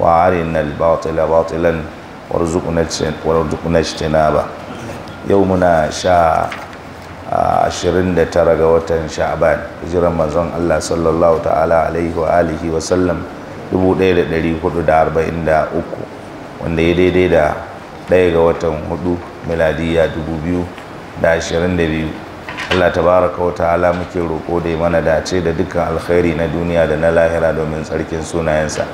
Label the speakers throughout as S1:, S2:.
S1: وارنا الباطل باطلا وارزقنا وارزقنا اجتنابه يومنا شاء ashirin da tara ga watan sha'aban hijiran manzon Allah sallallahu ta'ala alaihi wa wa sallam 1443 wanda ya daidai da ɗaya ga watan hudu miladiya 2022 Allah tabaraka wa ta'ala muke roƙo da mana dace da duka alkhairi na duniya da na lahira domin tsarkin sunayensa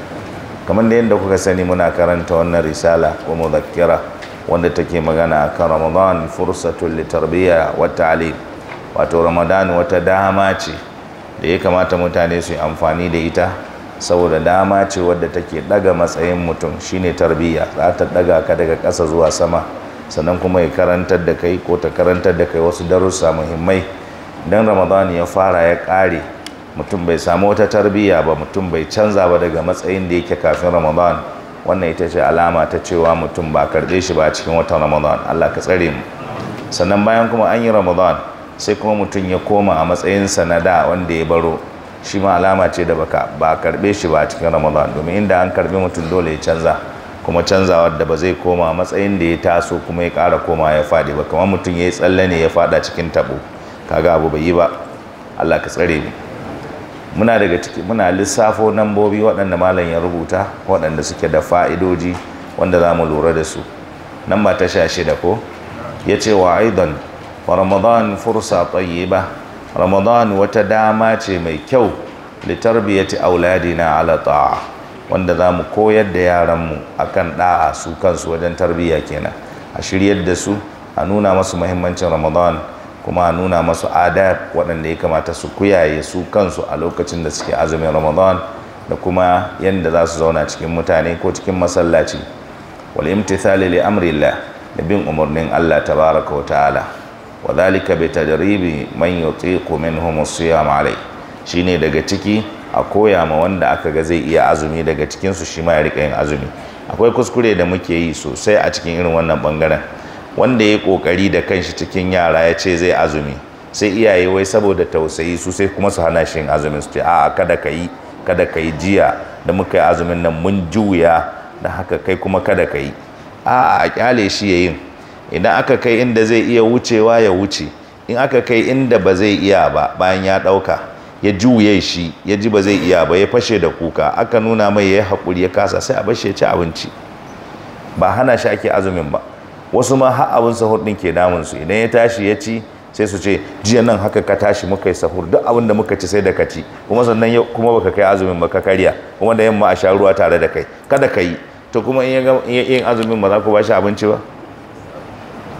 S1: kamar da yadda kuka sani muna karanta wannan risala ko mazakira wanda take magana a kan ramadan fursatun litarbiya wa ta'lim wato ramadan wata dama ce da ya kamata mutane su yi amfani da ita saboda dama ce wadda take daga matsayin mutum shine tarbiyya za ta daga ka daga kasa zuwa sama sannan kuma ya karantar da kai ko ta karantar da kai wasu darussa muhimmai don ramadan ya fara ya ƙare mutum bai samu wata tarbiyya ba mutum bai canza ba daga matsayin da yake kafin ramadan wannan ita ce alama ta cewa mutum ba karɓe shi ba cikin watan ramadan allah ka tsare mu sannan bayan kuma an yi ramadan sai kuma mutum ya koma a matsayinsa na da wanda ya baro shi ma alama ce da baka ba karɓe shi ba cikin ramadan domin inda an karɓi mutum dole ya canza kuma canzawar da ba zai koma matsayin da ya taso kuma ya ƙara koma ya faɗi ba kamar mutum ya yi tsalle ne ya faɗa cikin taɓo kaga abu bai yi ba allah ka tsare mu muna daga ciki muna lissafo nambobi waɗanda malam ya rubuta waɗanda suke da fa'idoji wanda za mu lura da su nan ba ta sha shida ko ya ce wa aidan ramadan fursa ba ramadan wata dama ce mai kyau litarbiyati auladi na ta'a wanda za mu koyar da yaranmu kan ɗa'a su kansu wajen tarbiyya kenan a shiryar da su a nuna masu mahimmancin ramadan kuma a nuna masu adab waɗanda ya kamata su kuyaye su kansu a lokacin da suke azumin ramadan da kuma yadda za su zauna cikin mutane ko cikin masallaci wal imtithali li amrillah da bin umarnin Allah tabaraka wa ta'ala wa dhalika bi tajribi man yutiqu minhum as-siyam alai shine daga ciki a koya ma wanda aka ga zai iya azumi daga cikinsu su shi ma ya rika yin azumi akwai kuskure da muke yi sosai a cikin irin wannan bangaren wanda ya kokari da kanshi cikin yara ya ce zai azumi sai iyaye wai saboda tausayi su sai kuma su hana shi azumin su ce a'a kada ka yi kada ka yi jiya da muka yi azumin nan mun juya da haka kai kuma kada ka yi a'a a kyale shi ya yin idan aka kai inda zai iya wucewa ya wuce in aka kai inda ba zai iya ba bayan ya ɗauka ya juye shi ya ji ba zai iya ba ya fashe da kuka aka nuna mai ya yi hakuri ya kasa sai a bashe ci abinci ba hana shi ake azumin ba wasu ma har abin sahur din ke damun su idan ya tashi ya ci sai su ce jiya nan haka ka tashi muka yi sahur duk abin da muka ci sai da ka ci kuma sannan yau kuma baka kai azumin ba ka karya kuma da yamma a sha ruwa tare da kai kada ka yi to kuma in ya yin azumin ba za ku ba shi abinci ba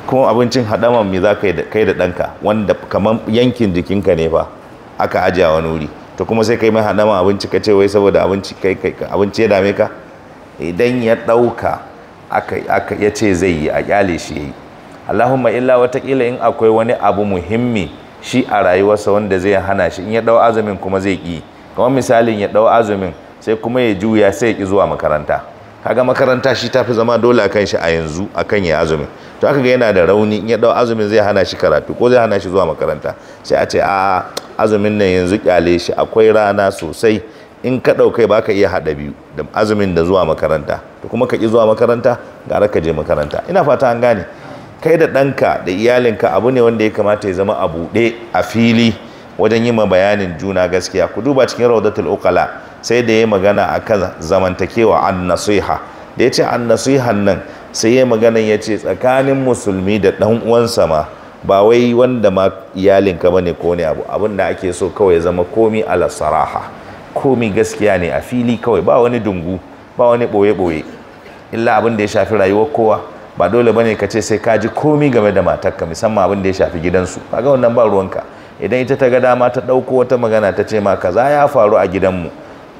S1: kuma abincin hadama me za ka kai da danka wanda kamar yankin jikinka ne fa aka ajiye wani wuri to kuma sai kai mai hadama abinci ka ce wai saboda abinci ya dame ka idan ya ɗauka ya ce zai yi a kyale shi ya yi allahumma illa watakila in akwai wani abu muhimmi shi a rayuwarsa wanda zai hana shi in ya dau azumin kuma zai ki kamar misalin ya dau azumin sai kuma ya juya sai ya ki zuwa makaranta kaga makaranta shi tafi zama dole akan shi a yanzu akan ya azumin to aka ga yana da rauni in ya dau azumin zai hana shi karatu ko zai hana shi zuwa makaranta sai a ce a azumin nan yanzu kyale shi akwai rana sosai in ka ɗaukai ba ka iya haɗa biyu da azumin da zuwa makaranta to kuma ka ƙi zuwa makaranta gara ka je makaranta ina fata an gane kai da ɗanka da iyalinka abu ne wanda ya kamata ya zama a buɗe a fili wajen yi ma bayanin juna gaskiya ku duba cikin raudatul uqala sai da ya yi magana akan zamantakewa an nasiha da ya ce an nasihan nan sai ya maganan ya ce tsakanin musulmi da ɗan uwansa ma ba wai wanda ma iyalinka bane ko ne abu abin da ake so kawai zama komi ala saraha komi gaskiya ne a fili kawai ba wani dungu ba wani ɓoye-ɓoye illa abin da ya shafi rayuwar kowa ba dole bane ka ce sai ka ji komi game da matarka musamman abin da ya shafi gidansu kaga wannan ba ruwanka idan ita ta ga dama ta ɗauko wata magana ta ce ma kaza ya faru a gidanmu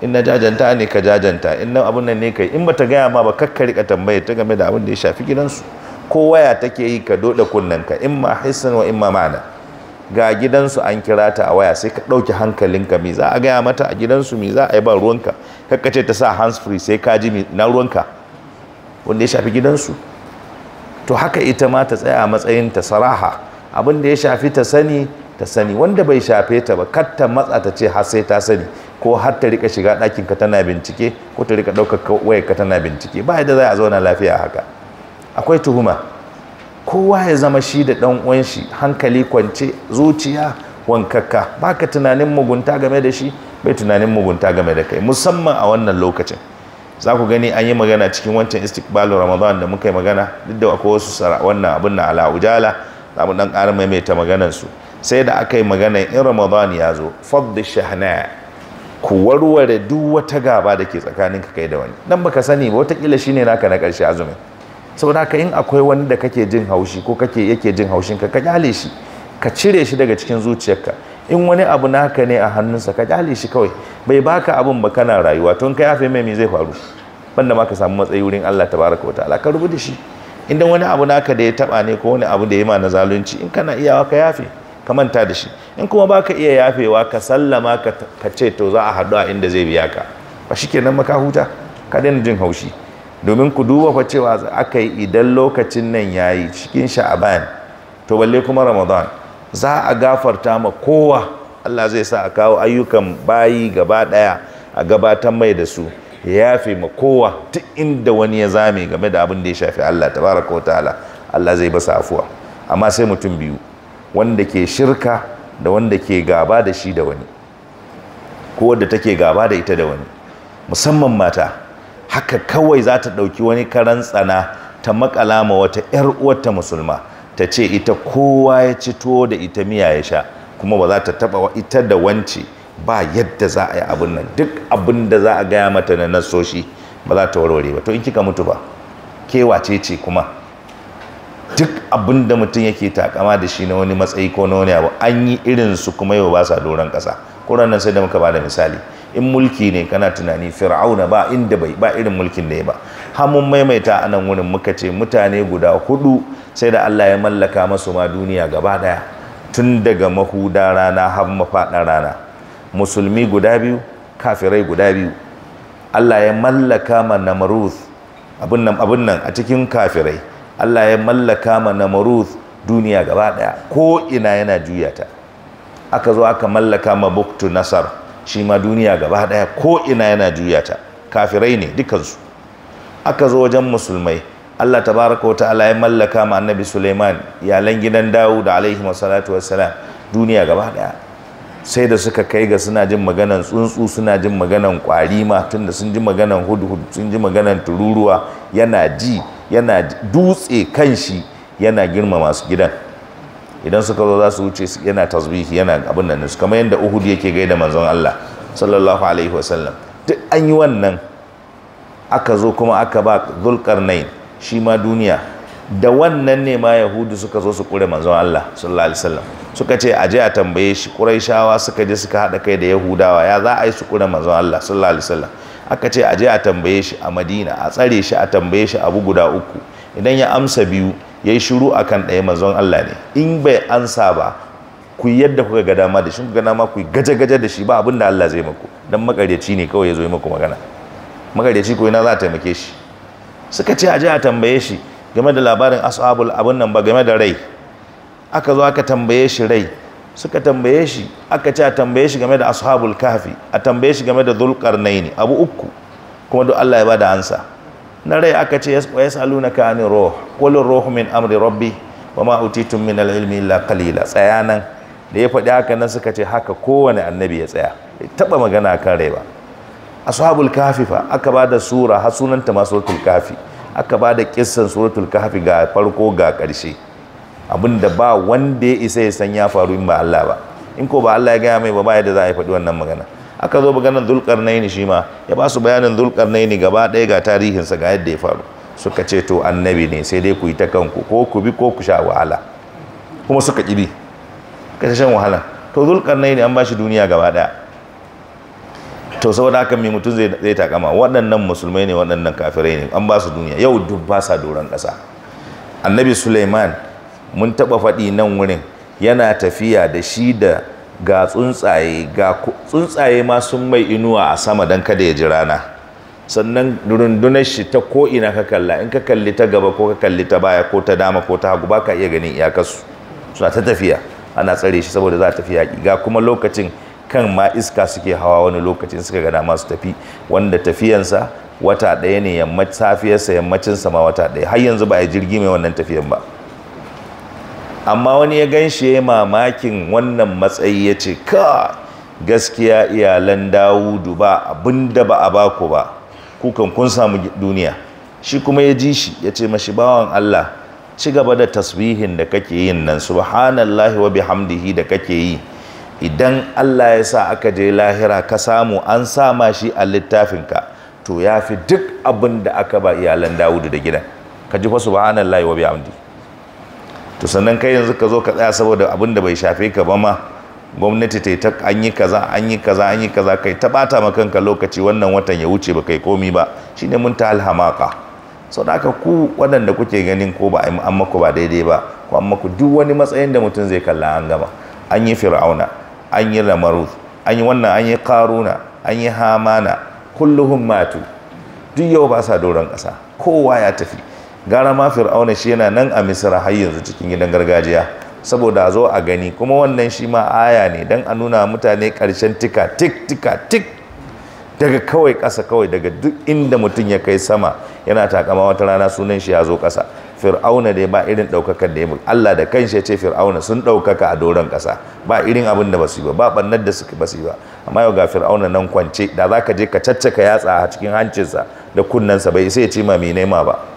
S1: in na jajanta ne ka jajanta in na abin nan ne kai in bata gaya ma ba kakka rika tambaye ta game da abin da ya shafi gidansu ko waya take yi ka doda kunnanka in ma hissan wa in ma ma'ana ga gidansu an kira ta a waya sai ka ɗauki hankalinka me za a gaya mata a gidansu me za a yi ba ruwanka ce ta sa hands free sai ka ji na ruwanka wanda ya shafi gidansu to haka ita ma ta tsaya a matsayin ta saraha abin da ya shafi ta sani ta sani wanda bai shafe ta ba kar ta matsa ta ce har sai ta sani ko har ta rika shiga ɗakin ka tana bincike ko ta rika ɗaukar wayar ka tana bincike ba yadda za a zauna lafiya haka akwai tuhuma kowa ya zama shi da ɗan uwanshi hankali kwance zuciya wankakka baka tunanin mugunta game da shi bai tunanin mugunta game da kai musamman a wannan lokacin za ku gani an yi magana cikin wancan istiqbalin ramadan da muka yi magana duk da akwai wasu wannan abin na ala'ujala ujala za mu dan ƙara maimaita maganar su sai da aka yi magana in ramadan ya zo fadda shahana ku warware duk wata gaba da ke ka kai da wani nan baka sani ba watakila wataƙila shine naka na ƙarshe azumin saboda ka in akwai wani da kake jin haushi ko kake yake jin haushin ka ka kyale shi ka cire shi daga cikin zuciyarka in wani abu na naka ne a hannunsa ka kyale shi kawai bai baka abin ba kana rayuwa to in ka yafe mai zai faru banda ma ka samu matsayi wurin Allah tabaraka wataala ka rubuta shi idan wani abu na naka da ya taba ne ko wani abu da ya ma na zalunci in kana iyawa ka yafe ka manta da shi in kuma baka iya yafewa ka sallama ka ce to za a haɗu a inda zai biya ka ba shikenan maka huta ka daina jin haushi domin ku duba fa cewa aka yi idan lokacin nan ya yi cikin sha'aban to balle kuma ramadan za a gafarta ma kowa allah zai sa a kawo ayyukan bayi gaba ɗaya a gabatar mai da su ya yafe ma kowa duk inda wani ya zame game da abin da ya shafi allah tabaraka wa ta'ala allah zai basa afuwa amma sai mutum biyu wanda ke shirka da wanda ke gaba da shi da wani ko wadda take gaba da ita da wani musamman mata haka kawai za ta ɗauki wani karan tsana ta makala ma wata 'yar uwarta musulma ta ce ita kowa ya ci tuwo da ita miya ya sha kuma ba za ta taɓa ita da wance ba yadda za a yi abin nan duk abin da za a gaya mata na nasoshi ba za ta warware ba to in kika mutu ba kewace ce kuma duk abin da mutum yake takama da shi na wani matsayi ko na wani abu an yi irinsu kuma yau ba sa doron ƙasa ko nan sai da muka ba da misali in mulki ne kana tunani fir'auna ba inda bai ba irin mulkin ne ba hamun maimaita a nan wurin muka ce mutane guda hudu sai da Allah ya mallaka masu ma duniya gaba daya tun daga mahuda rana har mafaɗa rana musulmi guda biyu kafirai guda biyu Allah ya mallaka ma namaruth abin nan abin nan a cikin kafirai Allah ya mallaka ma namaruth duniya gaba daya ko ina yana juya ta aka zo aka mallaka ma buktu nasar shi ma duniya gaba daya ko ina yana juya ta kafirai ne dukansu aka zo wajen musulmai Allah ta tabaraka ta'ala ya mallaka ma annabi Suleiman iyalan gidan Dawud alaihi wassalatu wassalam duniya gaba daya sai da suka kai ga suna jin maganan tsuntsu suna jin maganan kwari ma tunda sun ji maganan hudhud sun ji maganan tururuwa yana ji yana dutse kanshi yana girma masu gidan idan suka zo za su wuce yana tasbihi yana abin nan su kamar yadda Uhud yake gaida manzon Allah sallallahu alaihi wasallam duk an yi wannan aka zo kuma aka ba Zulkarnain shi ma duniya da wannan ne ma Yahudu suka zo su kure manzon Allah sallallahu alaihi wasallam suka ce a je a tambaye shi Quraishawa suka je suka haɗa kai da Yahudawa ya za a yi su kure manzon Allah sallallahu alaihi wasallam aka ce a je a tambaye shi a Madina a tsare shi a tambaye shi abu guda uku idan ya amsa biyu ya yi shiru a kan ɗaya manzon Allah ne in bai ansa ba ku yadda kuka ga dama da shi kuka dama ku gaje-gaje da shi ba abin da Allah zai maku don makaryaci ne kawai ya zo yi maku magana makaryaci ko ina za a taimake shi suka ce a je a tambaye shi game da labarin ashabul abin nan ba game da rai aka zo aka tambaye shi rai suka tambaye shi aka ce a tambaye shi game da ashabul kahfi a tambaye shi game da zulqarnaini abu uku kuma duk Allah ya bada ansa na rai aka ce na anir roh. qul roh min amri rabbi wama tun min al'ilmi ilmi illa qalila tsayanan da ya faɗi haka nan suka ce haka kowane annabi ya tsaya bai taba magana kan rai ba ashabul kafi fa aka ba da sura har sunanta ma suratul kafi aka ba da kissan suratul kafi ga farko ga ƙarshe abinda ba wanda ya isa ya san ya faru in ba Allah ba in ko ba Allah ya gaya mai ba ba yadda za a yi faɗi wannan magana aka zo maganar na shi ma ya ba su bayanin na yini gaba ɗaya ga tarihinsa ga yadda ya faru suka ce to annabi ne sai dai ku yi ta kanku ko ku bi ko ku sha wahala kuma suka ƙibi ka shan wahala to zulkarnaini an ba shi duniya gaba ɗaya to saboda haka mai mutum zai takama waɗannan musulmai ne waɗannan kafirai ne an ba su duniya yau duk ba sa doron ƙasa annabi suleiman mun taɓa faɗi nan wurin yana tafiya da shi da ga tsuntsaye ga tsuntsaye ma sun mai inuwa a sama don kada ya ji rana sannan rundunar shi ta ko ina ka kalla in ka kalli ta gaba ko ka kalli ta baya ko ta dama ko ta hagu baka iya ganin iyakarsu suna ta tafiya ana tsare shi saboda za ta tafi yaƙi ga kuma lokacin kan ma iska suke hawa wani lokacin suka gana masu tafi wanda tafiyansa wata ɗaya ne yammacin safiyarsa yammacin sama wata ɗaya har yanzu ba ya jirgi mai wannan tafiyan ba amma wani ya gan shi ya mamakin wannan matsayi ya ce ka gaskiya iyalan dawudu ba da ba a baku ba kukan kun samu duniya shi kuma ya ji shi ya ce mashi bawan Allah ci gaba da tasbihin da kake yin nan subhanallahi wa bihamdihi da kake yi idan Allah ya sa aka je lahira ka samu an sama shi a littafin ka to ya fi duk abin da aka ba iyalan Dawudu da gidan ka ji fa subhanallahi wa bihamdihi to sannan kai yanzu ka zo ka tsaya saboda abin da bai shafe ka ba ma gwamnati ta yi ta an yi kaza an yi kaza an yi kaza kai ta bata ma kanka lokaci wannan watan ya wuce ba kai komi ba shine mun ta alhamaka sau da aka ku waɗanda kuke ganin ko ba an maku ba daidai ba ko an maku duk wani matsayin da mutum zai kalla an gama an yi fir'auna an yi lamaruz an yi wannan an yi karuna an yi hamana kulluhum matu duk yau ba sa doron ƙasa kowa ya tafi gara ma fir'auna shi yana nan a misira har yanzu cikin gidan gargajiya saboda a zo a gani kuma wannan shi ma aya ne don a nuna mutane ƙarshen tika tik tika tik daga kawai ƙasa kawai daga duk inda mutum ya kai sama yana takama wata rana sunan shi ya zo ƙasa fir'auna dai ba irin ɗaukakar da ya mulki Allah da kanshi ya ce fir'auna sun ɗaukaka a doron ƙasa ba irin abin da basu yi ba ba ɓannar da suka su yi ba amma yau ga fir'auna nan kwance da za ka je ka caccaka yatsa a cikin hancinsa da kunnensa bai sai ya ce ma mai nema ba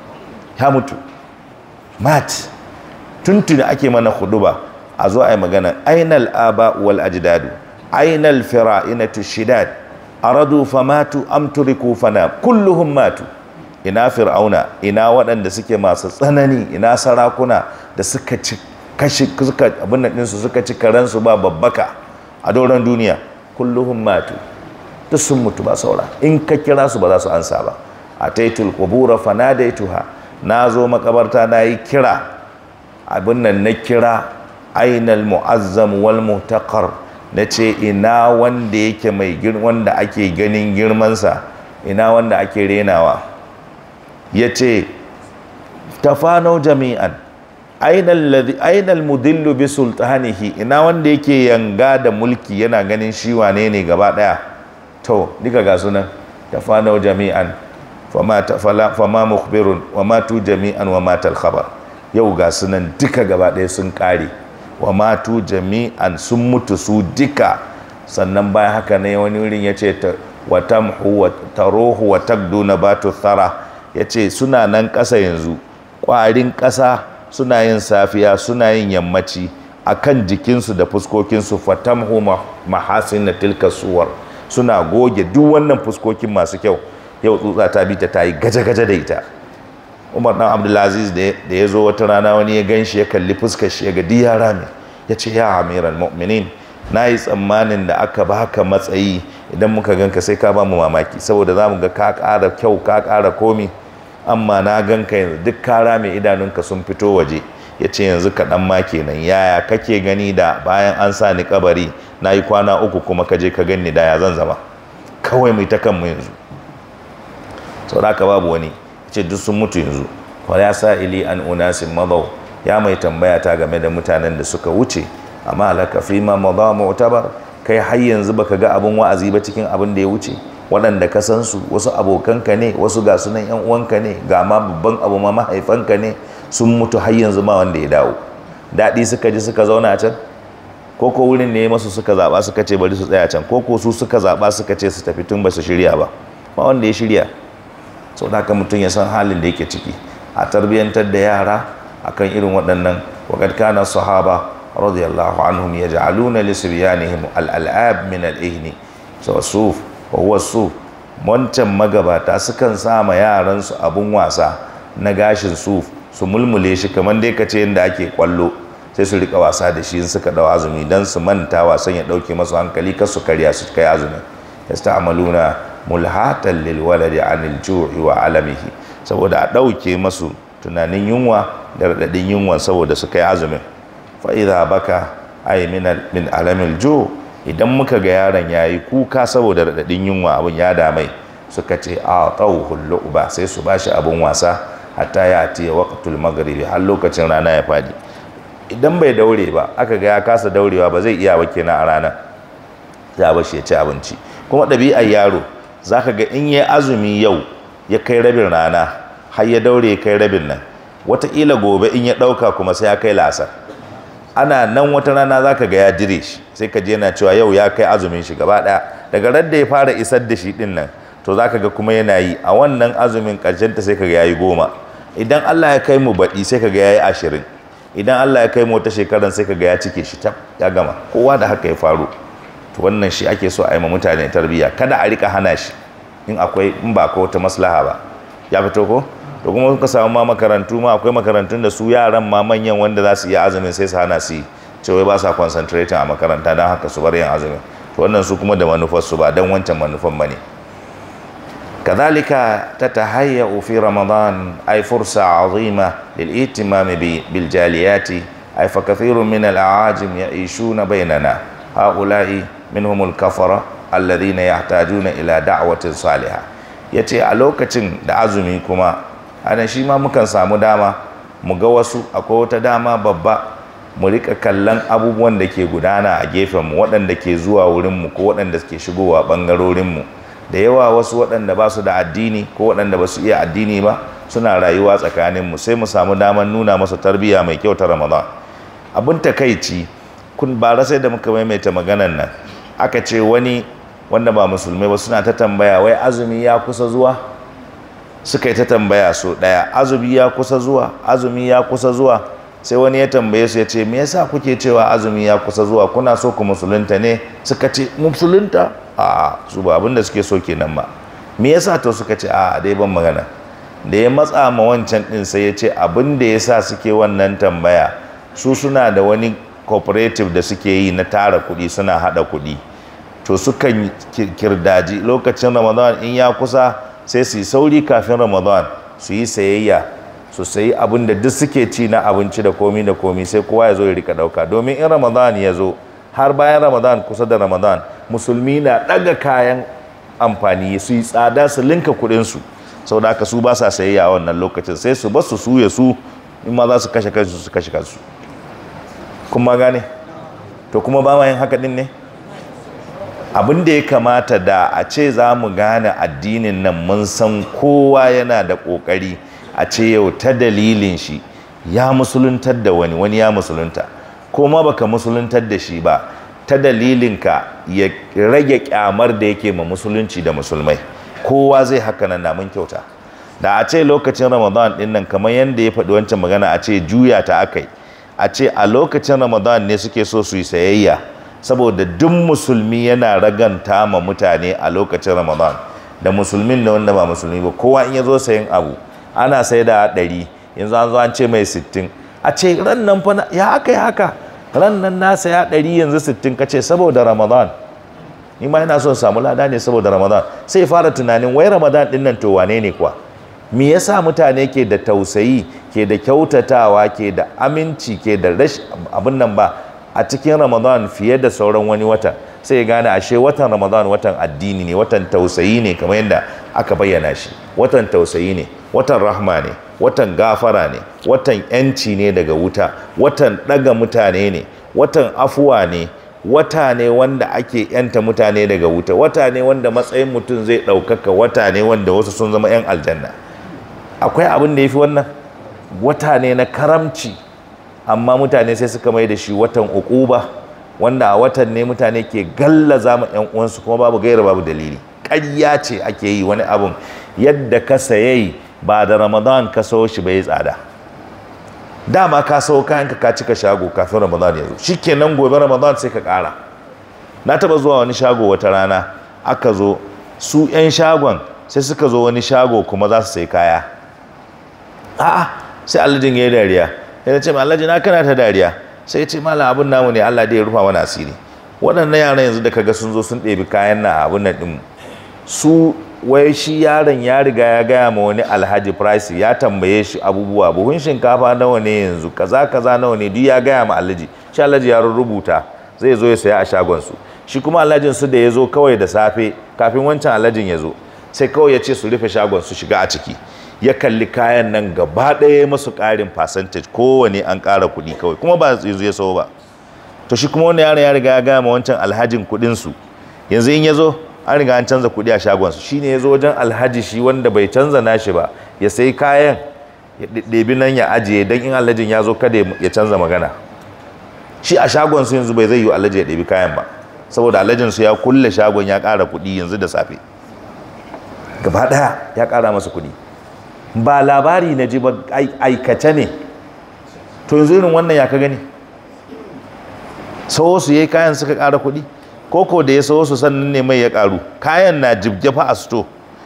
S1: ya mutu mat tuntuni ake mana huduba a zo a yi magana ainal aba wal ajdadu ainal fira'inatu shidad aradu matu am turiku fana kulluhum matu ina fir'auna ina waɗanda suke masu tsanani ina sarakuna da suka ci kashi suka abin nan ɗinsu suka ci karensu ba babbaka a doron duniya kulluhum matu duk sun mutu ba saura in ka kira su ba za su ansa ba a fana qubura fanadaituha na zo makabarta na yi kira abin nan na kira ainal mu'azzam wal muhtaqar na ce ina wanda yake mai wanda ake ganin girmansa ina wanda ake renawa ya ce tafanau jami'an ainal mudillu bi sultanihi ina wanda yake yanga da mulki yana ganin shi wane ne gaba daya to nika ga sunan tafanau jami'an fama mukbirun wa matu jami'an wa matal khabar yau ga sunan duka gaba ɗaya sun ƙare wa matu jami'an sun mutu su duka sannan bayan haka ne wani wurin ya ce wa tamhu wa taruhu wa tagdu na batu thara ya ce suna nan ƙasa yanzu ƙwarin ƙasa suna yin safiya suna yin yammaci a kan jikinsu da fuskokinsu fatamhu mahasin na tilka suna goge duk wannan fuskokin masu kyau yau tsutsa ta bi ta ta yi gaje-gaje da ita umar dan abdulaziz da ya zo wata rana wani ya ganshi ya kalli fuskar shi ya ga ya rami ya ce ya amiran mu'minin na yi tsammanin da aka baka matsayi idan muka ganka sai ka ba mu mamaki saboda za mu ga ka ƙara kyau ka ƙara komi amma na ganka yanzu duk ka rame idanunka sun fito waje ya ce yanzu ka ɗan ma kenan yaya kake gani da bayan an sa ni kabari na yi kwana uku kuma ka je ka ganni da ya zan zama kawai mai ta kanmu yanzu saboda babu wani ce duk sun mutu yanzu wala ya sa ili an unasin madaw ya mai tambaya ta game da mutanen da suka wuce amma alaka fi ma madaw mu'tabar kai har yanzu baka ga abin wa'azi ba cikin abin da ya wuce waɗanda ka san su wasu abokanka ne wasu ga sunan yan uwanka ne ga ma babban abu ma mahaifanka ne sun mutu har yanzu ma wanda ya dawo daɗi suka ji suka zauna a can ko wurin ne masu suka zaɓa suka ce bari su tsaya can ko ko su suka zaɓa suka ce su tafi tun ba su shirya ba ma wanda ya shirya sau da haka mutum ya san halin da yake ciki a tarbiyyantar da yara a kan irin waɗannan waƙad sahaba radiyallahu anhum ya li sibyanihim al-al'ab min al'ihni ihni so suf wa huwa suf wancan magabata sukan sa ma yaransu abun wasa na gashin suf su mulmule shi kamar dai kace yadda ake kwallo sai su rika wasa da shi suka dawa azumi don su manta wasan ya ɗauke masu hankali kar su karya su kai azumi yasta'maluna mulhatan lil waladi anil ju'i wa alamihi saboda a ɗauke masu tunanin yunwa da raɗaɗin yunwa saboda su kai azumin fa idza baka ay min alamil ju idan muka ga yaron yayi kuka saboda raɗaɗin yunwa abun ya damai suka ce a tawhu lu'ba sai su bashi abun wasa hatta ya ati waqtul maghribi har lokacin rana ya fadi idan bai daure ba aka ga ya kasa daurewa ba zai iya wakena a ranar za bashi ya ci abinci kuma ɗabi'ar yaro Za ka ga in yi azumi yau ya kai rabin rana har ya daure ya kai rabin nan wataƙila gobe in ya ɗauka kuma sai ya kai lasar ana nan wata rana za ka ga ya dire shi sai ka je yana cewa yau ya kai azumin shi gaba ɗaya daga radda ya fara isar da shi ɗin nan to za ka ga kuma yana yi a wannan azumin ta sai ka ga ya yi goma idan Allah ya kai mu baɗi sai ka ga ya yi ashirin idan Allah ya kai mu wata shekaran sai ka ga ya cike shi tab gama kowa da haka ya faru to wannan shi ake so a yi ma mutane tarbiyya kada a rika hana shi in akwai in ba ko ta maslaha ba ya fito ko to kuma kuka samu ma makarantu ma akwai makarantun da su yaran ma manyan wanda za su iya azumin sai su hana su yi cewa ba sa concentrating a makaranta don haka su bar yin azumin to wannan su kuma da manufar su ba don wancan manufan bane kadhalika tatahayyau fi ramadan ay fursa azima lil ihtimami bil jaliyati ay fa kathirun min al aajim bainana haula'i minhumul kafara alladhina yahtajuna ila da'watin salihah yace a lokacin da azumi kuma ana shi ma mukan samu dama mu ga wasu akwai wata dama babba mu rika kallon abubuwan da ke gudana a gefen mu waɗanda ke zuwa wurin mu ko waɗanda suke shigowa bangarorin mu da yawa wasu waɗanda ba su da addini ko waɗanda ba su iya addini ba suna rayuwa tsakanin mu sai mu samu damar nuna masa tarbiyya mai kyau ta Ramadan abin takaici kun bara sai da muka maimaita maganan nan aka ce wani wanda ba musulmi ba suna ta tambaya wai azumi ya kusa zuwa suka yi ta tambaya so daya azumi ya kusa zuwa azumi ya kusa zuwa sai wani ya tambaye su ya ce me yasa kuke cewa azumi ya kusa zuwa kuna so ku musulunta ne suka ce musulunta a su ba abin suke so kenan ba me yasa to suka ce a dai ban magana da ya matsa ma wancan din sai ya ce abin da yasa suke wannan tambaya su suna da wani cooperative da suke yi na tara kuɗi suna hada kuɗi to sukan kirdaji lokacin ramadan in ya kusa sai su yi sauri kafin ramadan su yi sayayya su sayi abinda duk suke ci na abinci da komi da komi sai kowa ya zo ya rika dauka domin in ramadan ya zo har bayan ramadan kusa da ramadan musulmi na daga kayan amfani su yi tsada su linka kuɗinsu sau da haka su ba sa sayayya wannan lokacin sai su basu su ya su in ma za su kashe kansu su kashe kansu kuma gane to kuma ba ma yin haka din ne abin da ya kamata da a ce za mu gane addinin nan mun san kowa yana da ƙoƙari a ce yau ta dalilin shi ya musuluntar da wani wani ya musulunta ko ma baka musuluntar da shi ba ta dalilinka ya rage kyamar da yake ma musulunci da musulmai kowa zai haka nan na kyauta da a ce lokacin ramadan din nan kamar yadda ya faɗi wancan magana a ce juya ta akai a ce a lokacin ramadan ne suke so su yi sayayya saboda duk musulmi yana raganta ma mutane a lokacin ramadan da musulmin da wanda ba musulmi ba kowa in ya zo sayan abu ana sai da ɗari yanzu an zo an ce mai sittin a ce ran nan fa ya haka ya haka ran nan na saya ɗari yanzu sittin ka ce saboda ramadan ni ma ina son samu lada ne saboda ramadan sai fara tunanin wai ramadan ɗin nan to wane ne kuwa me yasa mutane ke da tausayi ke da kyautatawa ke da aminci ke da rashin abin nan ba a cikin ramadan fiye da sauran wani wata sai gane ashe watan ramadan watan addini ne watan tausayi ne kamar yadda aka bayyana shi watan tausayi ne watan rahma ne watan gafara ne watan yanci ne daga wuta watan ɗaga mutane ne watan afuwa ne wata ne wanda ake yanta mutane daga wuta wata ne wanda matsayin mutum zai ɗaukaka wata ne wanda wasu sun zama 'yan aljanna akwai abin da ya fi wannan wata ne na karamci amma mutane sai suka mai da shi watan uku ba. wanda a watan ne mutane ke gallaza mu yan uwansu kuma babu gaira babu dalili ƙarya ce ake yi wani abun yadda ka saye ba da ramadan ka sayo shi bai tsada dama ka sayo yanka ka cika shago kafin ramadan ya zo shikenan gobe ramadan sai ka ƙara na taba zuwa wani shago wata rana aka zo su 'yan shagon sai suka zo wani shago kuma za su sai kaya a'a sai aladin ya yi dariya yana ce ma alhaji na kana ta dariya sai ce malam abin namu ne Allah da ya rufa wani asiri waɗannan yaran yanzu da kaga sun zo sun ɗebi kayan na abin nan ɗin su wai shi yaron ya riga ya gaya ma wani alhaji price ya tambaye shi abubuwa buhun shinkafa nawa ne yanzu kaza kaza nawa ne duk ya gaya ma alhaji shi alhaji ya rubuta zai zo ya saya a shagon su shi kuma alhajin su da ya zo kawai da safe kafin wancan alhajin ya zo sai kawai ya ce su rufe shagon su shiga a ciki ya kalli kayan nan gaba ɗaya masu ƙarin percentage kowane an ƙara kuɗi kawai kuma ba su ya so ba to shi kuma wani yaron ya riga ya gama wancan alhajin kuɗin su yanzu in ya zo an riga an canza kuɗi a shagonsu su shine ya zo wajen alhaji shi wanda bai canza nashi ba ya sai kayan ya ɗiɗɗebi nan ya ajiye dan in alhajin ya zo kada ya canza magana shi a shagonsu su yanzu bai zai yi alhaji ya ɗebi kayan ba saboda alhajin su ya kulle shagon ya ƙara kuɗi yanzu da safe gaba ɗaya ya ƙara masa kuɗi ba labari na ji ba aikace ne to yanzu irin wannan ya ka gani sawo su yayi kayan suka ƙara kuɗi Ko da ya sawo su sannan ne mai ya ƙaru kayan na jibge a sto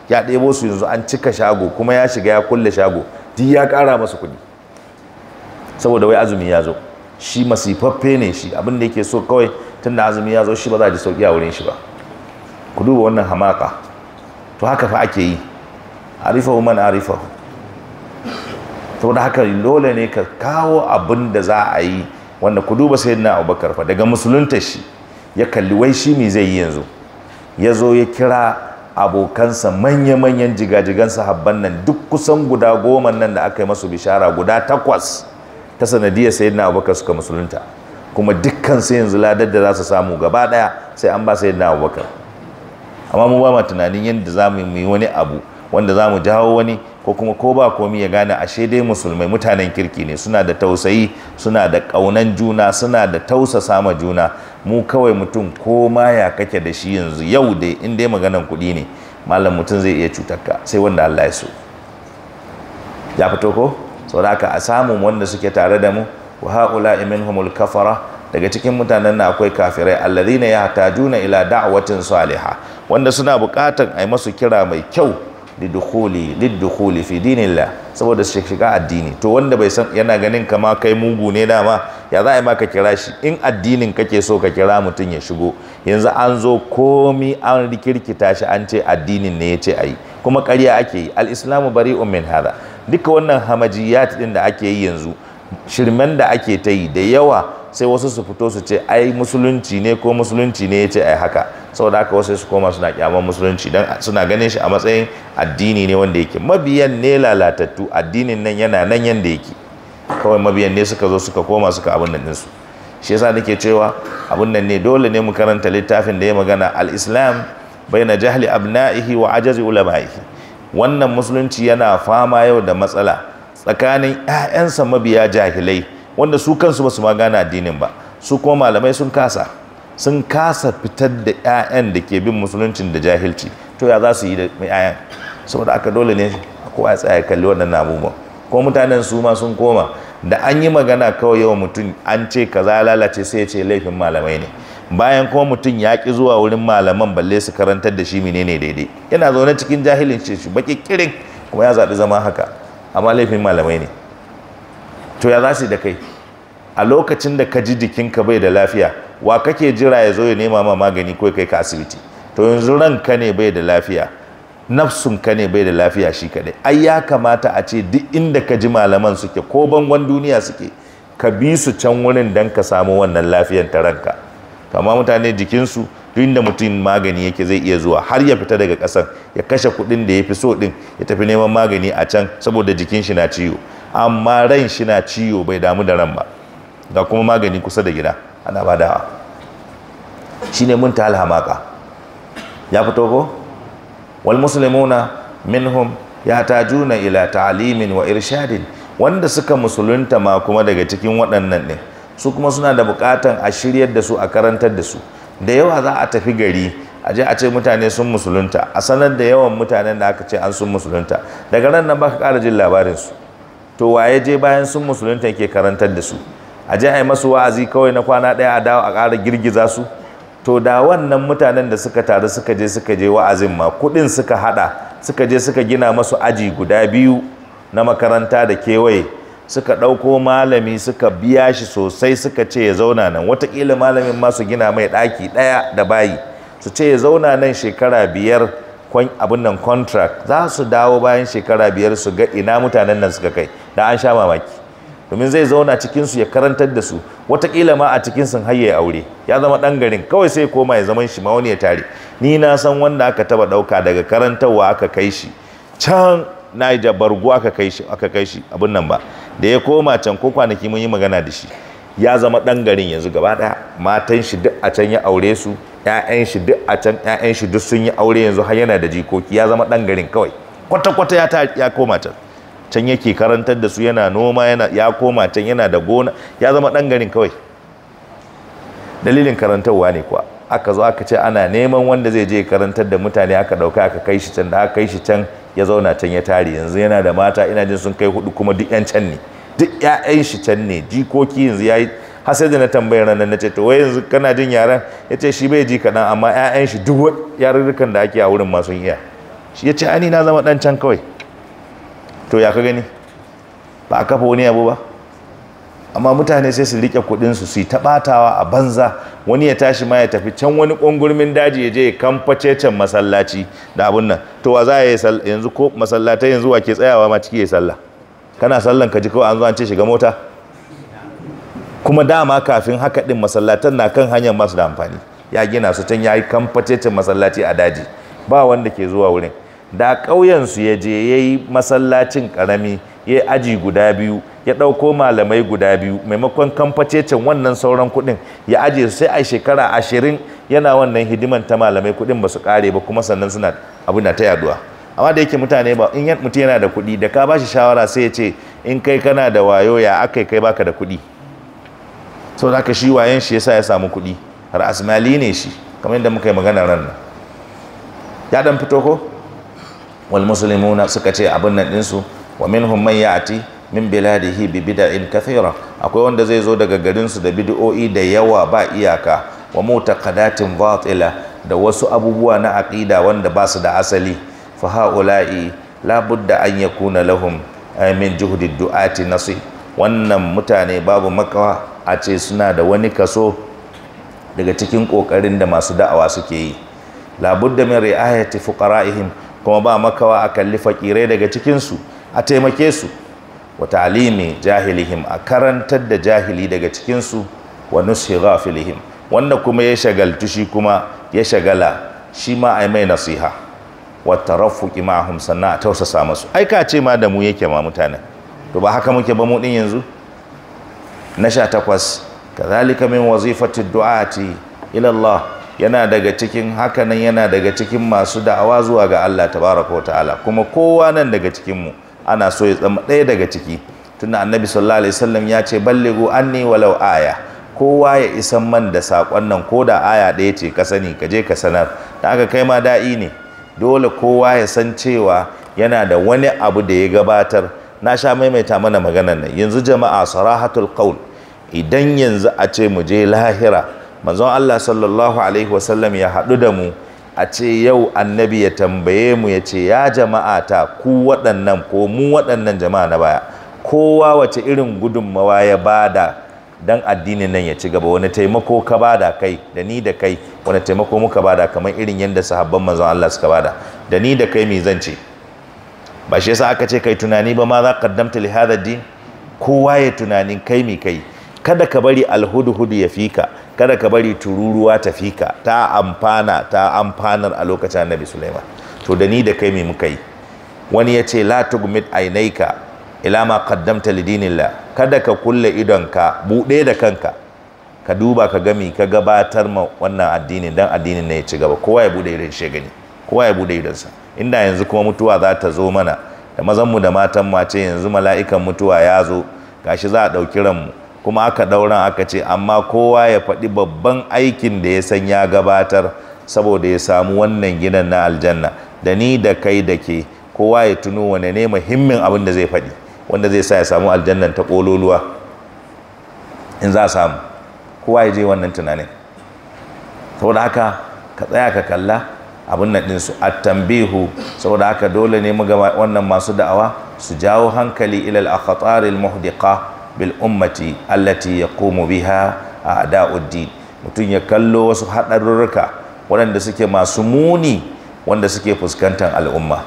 S1: ya ɗebo su yanzu an cika shago kuma ya shiga ya kulle shago duk ya ƙara masu kuɗi saboda wai azumi ya zo shi masifaffe ne shi abin da yake so kawai tun da azumi ya zo shi ba za a ji sauƙi a wurin shi ba ku duba wannan hamaka to haka fa ake yi arifahu man arifahu saboda haka dole ne ka kawo abin da za a yi wanda ku duba sayyidina abubakar fa daga musulunta shi ya kalli wai shi me zai yi yanzu ya zo ya kira abokansa manya-manyan jigajigan sahabban nan duk kusan guda goma nan da aka yi masu bishara guda takwas ta sanadiyar sayyidina abubakar suka musulunta kuma dukkan sai yanzu ladar da za su samu gaba daya sai an ba sayyidina abubakar amma mu ba ma tunanin yadda za mu yi wani abu wanda za mu jawo wani ko kuma ko ba komi ya gane ashe dai musulmai mutanen kirki ne suna da tausayi suna da ƙaunan juna suna da tausasa ma juna mu kawai mutum ko ma ya kake da shi yanzu yau dai in dai maganan kuɗi ne malam mutum zai iya cutarka sai wanda Allah ya so ya fito ko saboda a samun wanda suke tare da mu wa haula minhumul kafara daga cikin mutanen na akwai kafirai alladhina yahtajuna ila da'watin salihah wanda suna a yi masu kira mai kyau lidukhuli fi dinillah saboda shiga addini to wanda bai san yana ganin kama kai mugu ne dama ya za a yi ma ka kira shi in addinin kake so ka kira mutum ya shigo yanzu an zo komi an rikirkita shi an ce addinin ne ya ce a yi kuma karya ake yi al-islamu bari'un min hada duka wannan hamajiyat din da ake yi yanzu shirmen da ake ta yi da yawa sai wasu su fito su ce ai musulunci ne ko musulunci ne ya ce ai haka saboda haka wasu su koma suna kyaman musulunci don suna ganin shi a matsayin addini ne wanda yake mabiyan ne lalatattu addinin nan yana nan yanda yake kawai mabiyan ne suka zo suka koma suka abin nan ɗinsu shi yasa nake cewa abin nan ne dole ne mu karanta littafin da ya magana al-islam na jahli abna'ihi wa ajazi ulama'ihi wannan musulunci yana fama yau da matsala tsakanin 'ya'yansa mabiya jahilai wanda su kansu ba su ma gane addinin ba su kuma malamai sun kasa sun kasa fitar da 'ya'yan da ke bin musuluncin da jahilci to ya za su yi da 'ya'yan saboda aka dole ne kowa ya tsaya kalli wannan abubuwan ko mutanen su ma sun koma da an yi magana kawai yawan mutum an ce kaza lalace sai ya ce laifin malamai ne bayan kuma mutum ya ki zuwa wurin malaman balle su karantar da shi menene daidai yana zaune cikin jahilin ce shi baƙi kirin kuma ya zaɓi zama haka amma laifin malamai ne to ya za su da kai a lokacin da ka ji jikinka bai da lafiya wa kake jira ya zo ya nema ma magani ko kai ka asibiti to yanzu ranka ne bai da lafiya nafsun ka ne bai da lafiya shi kadai ai ya kamata a ce duk inda ka ji malaman suke ko bangon duniya suke ka bi su can wurin dan ka samu wannan lafiyar ta ranka amma mutane jikinsu duk inda mutum magani yake zai iya zuwa har ya fita daga ƙasar ya kashe kuɗin da ya fi so ɗin ya tafi neman magani a can saboda jikin shi na ciwo amma ran shi na ciwo bai damu da ran ba ga kuma magani kusa da gida ana ba da shine mun ta alhamaka ya fito ko wal muslimuna minhum ya juna ila ta'limin wa irshadin wanda suka musulunta ma kuma daga cikin waɗannan ne su kuma suna da buƙatan a shiryar da su a karantar da su da yawa za a tafi gari a je a ce mutane sun musulunta a sanar da yawan mutanen da aka ce an sun musulunta daga nan nan baka kara jin labarin su to waye je bayan sun musulunta ke karantar da su a je a yi masu wa'azi kawai na kwana daya a dawo a kara girgiza su to da wannan mutanen da suka taru suka je suka je wa'azin ma kuɗin suka haɗa suka je suka gina masu aji guda biyu na makaranta da kewaye suka ɗauko malami suka biya shi sosai suka ce ya zauna nan watakila malamin ma su gina mai ɗaki ɗaya da bayi su ce ya zauna nan shekara biyar abin nan contract za su dawo bayan shekara biyar su ga ina mutanen nan suka kai da an sha mamaki domin zai zauna cikinsu ya karantar da su watakila ma a cikin sun hayye aure ya zama ɗan garin kawai sai koma ya zaman shi ma wani ya tare ni na san wanda aka taba ɗauka daga karantarwa aka kai shi can na bargo aka kai shi abin nan ba da ya koma can ko kwanaki mun yi magana da shi ya zama ɗan garin yanzu gaba ɗaya matan shi duk a can ya aure su ƴaƴan shi duk a can ƴaƴan shi duk sun yi aure yanzu har yana da jikoki ya zama ɗan garin kawai kwata kwata ya ya koma can can yake karantar da su yana noma yana ya koma can yana da gona ya zama ɗan garin kawai dalilin karantarwa ne kuwa aka zo aka ce ana neman wanda zai je karantar da mutane aka dauka aka kai shi can da aka kai shi can ya zauna can ya tare yanzu yana da mata ina jin sun kai hudu kuma duk yan can ne duk ya'yan shi can ne jikoki yanzu yayi har sai da na tambayar nan na ce to wai yanzu kana jin yaran yace ce shi bai ji kadan amma yayan shi duk yarurrukan da ake a wurin masu iya shi ya ce ani na zama dan can kawai to ya ka gani ba a kafa wani abu ba amma mutane sai su rike kuɗin su su ta batawa a banza wani ya tashi ma ya tafi can wani ƙungurmin daji ya je ya kamface can masallaci da abun nan to wa za a ya yanzu ko masallatai yanzu wa ke tsayawa ma ciki ya sallah kana sallan ka ji kawai an zo an ce shiga mota kuma dama kafin haka ɗin masallatan na kan hanyar masu da amfani ya gina su can ya yi can masallaci a daji ba wanda ke zuwa wurin da ƙauyensu ya je ya masallacin ƙarami ya aji guda biyu ya ɗauko malamai guda biyu maimakon kamfacecen wannan sauran kuɗin ya aje su sai a shekara ashirin yana wannan hidiman ta malamai kuɗin ba su ƙare ba kuma sannan suna abu na ta yaduwa amma da yake mutane ba in yan mutum yana da kuɗi da ka ba shi shawara sai ya ce in kai kana da wayo ya aka kai baka da kuɗi sau da ka shi wayan shi yasa ya samu kuɗi ra'asmali ne shi kamar yadda muka yi magana ran nan ya dan fito ko wal muslimuna suka ce abin nan ɗinsu wa minhum man ya'ti min biladihi bi bid'in kathira akwai wanda zai zo daga garin su da bid'o'i da yawa ba iyaka wa mutaqadatin batila da wasu abubuwa na aqida wanda ba su da asali fa haula'i la budda an yakuna lahum min juhdi du'ati nasi wannan mutane babu makawa a ce suna da wani kaso daga cikin kokarin da masu da'awa suke yi la budda min ri'ayati fuqara'ihim kuma ba makawa a kalli fakirai daga cikin su a taimake su wa ta'alimi jahilihim a karantar da jahili daga cikinsu wa nushi ghafilihim wanda kuma ya shagaltu shi kuma ya shagala shi ma ai mai nasiha wa ma ma'ahum sannan a tausasa masu ai ka ce ma da mu yake ma mutane to ba haka muke ba mu din yanzu na sha takwas kazalika min wazifatun du'ati ila Allah yana daga cikin hakanan yana daga cikin masu da'awa zuwa ga Allah tabaraka wa ta'ala kuma kowa nan daga cikin mu ana so ya zama ɗaya daga ciki tunda annabi sallallahu alaihi wasallam ya ce ballighu anni walau aya kowa ya isan man da saƙon nan ko da aya ɗaya ce ka sani ka je ka sanar da aka kai ma da'i ne dole kowa ya san cewa yana da wani abu da ya gabatar na sha maimaita mana maganar nan yanzu jama'a sarahatul qaul idan yanzu a ce mu je lahira manzon Allah sallallahu alaihi wasallam ya haɗu da mu a ce yau annabi ya tambaye mu ya ce ya jama'a ta ku waɗannan ko mu waɗannan jama'a na baya kowa wace irin gudunmawa ya bada dan addinin nan ya ci gaba wani taimako ka bada kai da ni da kai wani taimako muka bada kamar irin yadda sahabban manzon Allah suka bada da ni da kai me zan ce ba shi yasa aka ce kai tunani ba ma za qaddamta li hadha din kowa ya tunanin kai mai kai kada ka bari hudu ya fika kada ka bari tururuwa ta fika ta amfana ta amfanar a lokacin annabi Sulaiman to da ni da kai me muka yi wani ya ce la tugmit ainaika ila ma qaddamta lidinillah kada ka kulle idonka buɗe da kanka ka duba ka gami ka gabatar ma wannan addinin dan addinin na ya ci gaba kowa ya bude idon shi gani kowa ya bude idonsa inda yanzu kuma mutuwa za ta zo mana da mazanmu da matan mace yanzu mala'ikan mutuwa ya zo gashi za a ɗauki ranmu kuma aka ɗauran aka ce amma kowa ya faɗi babban aikin da ya san ya gabatar saboda ya samu wannan gidan na aljanna da ni da kai da ke kowa ya tuno wane ne muhimmin abin da zai faɗi wanda zai sa ya samu aljannan ta ƙololuwa in za a samu kowa ya je wannan tunanin saboda haka ka tsaya ka kalla abin nan ɗinsu a tambihu saboda haka dole ne mu ga wannan masu da'awa su jawo hankali ilal akhataril muhdiqa bil ummati allati yaqumu biha a'da'uddin mutum ya kallo wasu hadarurruka waɗanda suke masu muni wanda suke fuskantar al'umma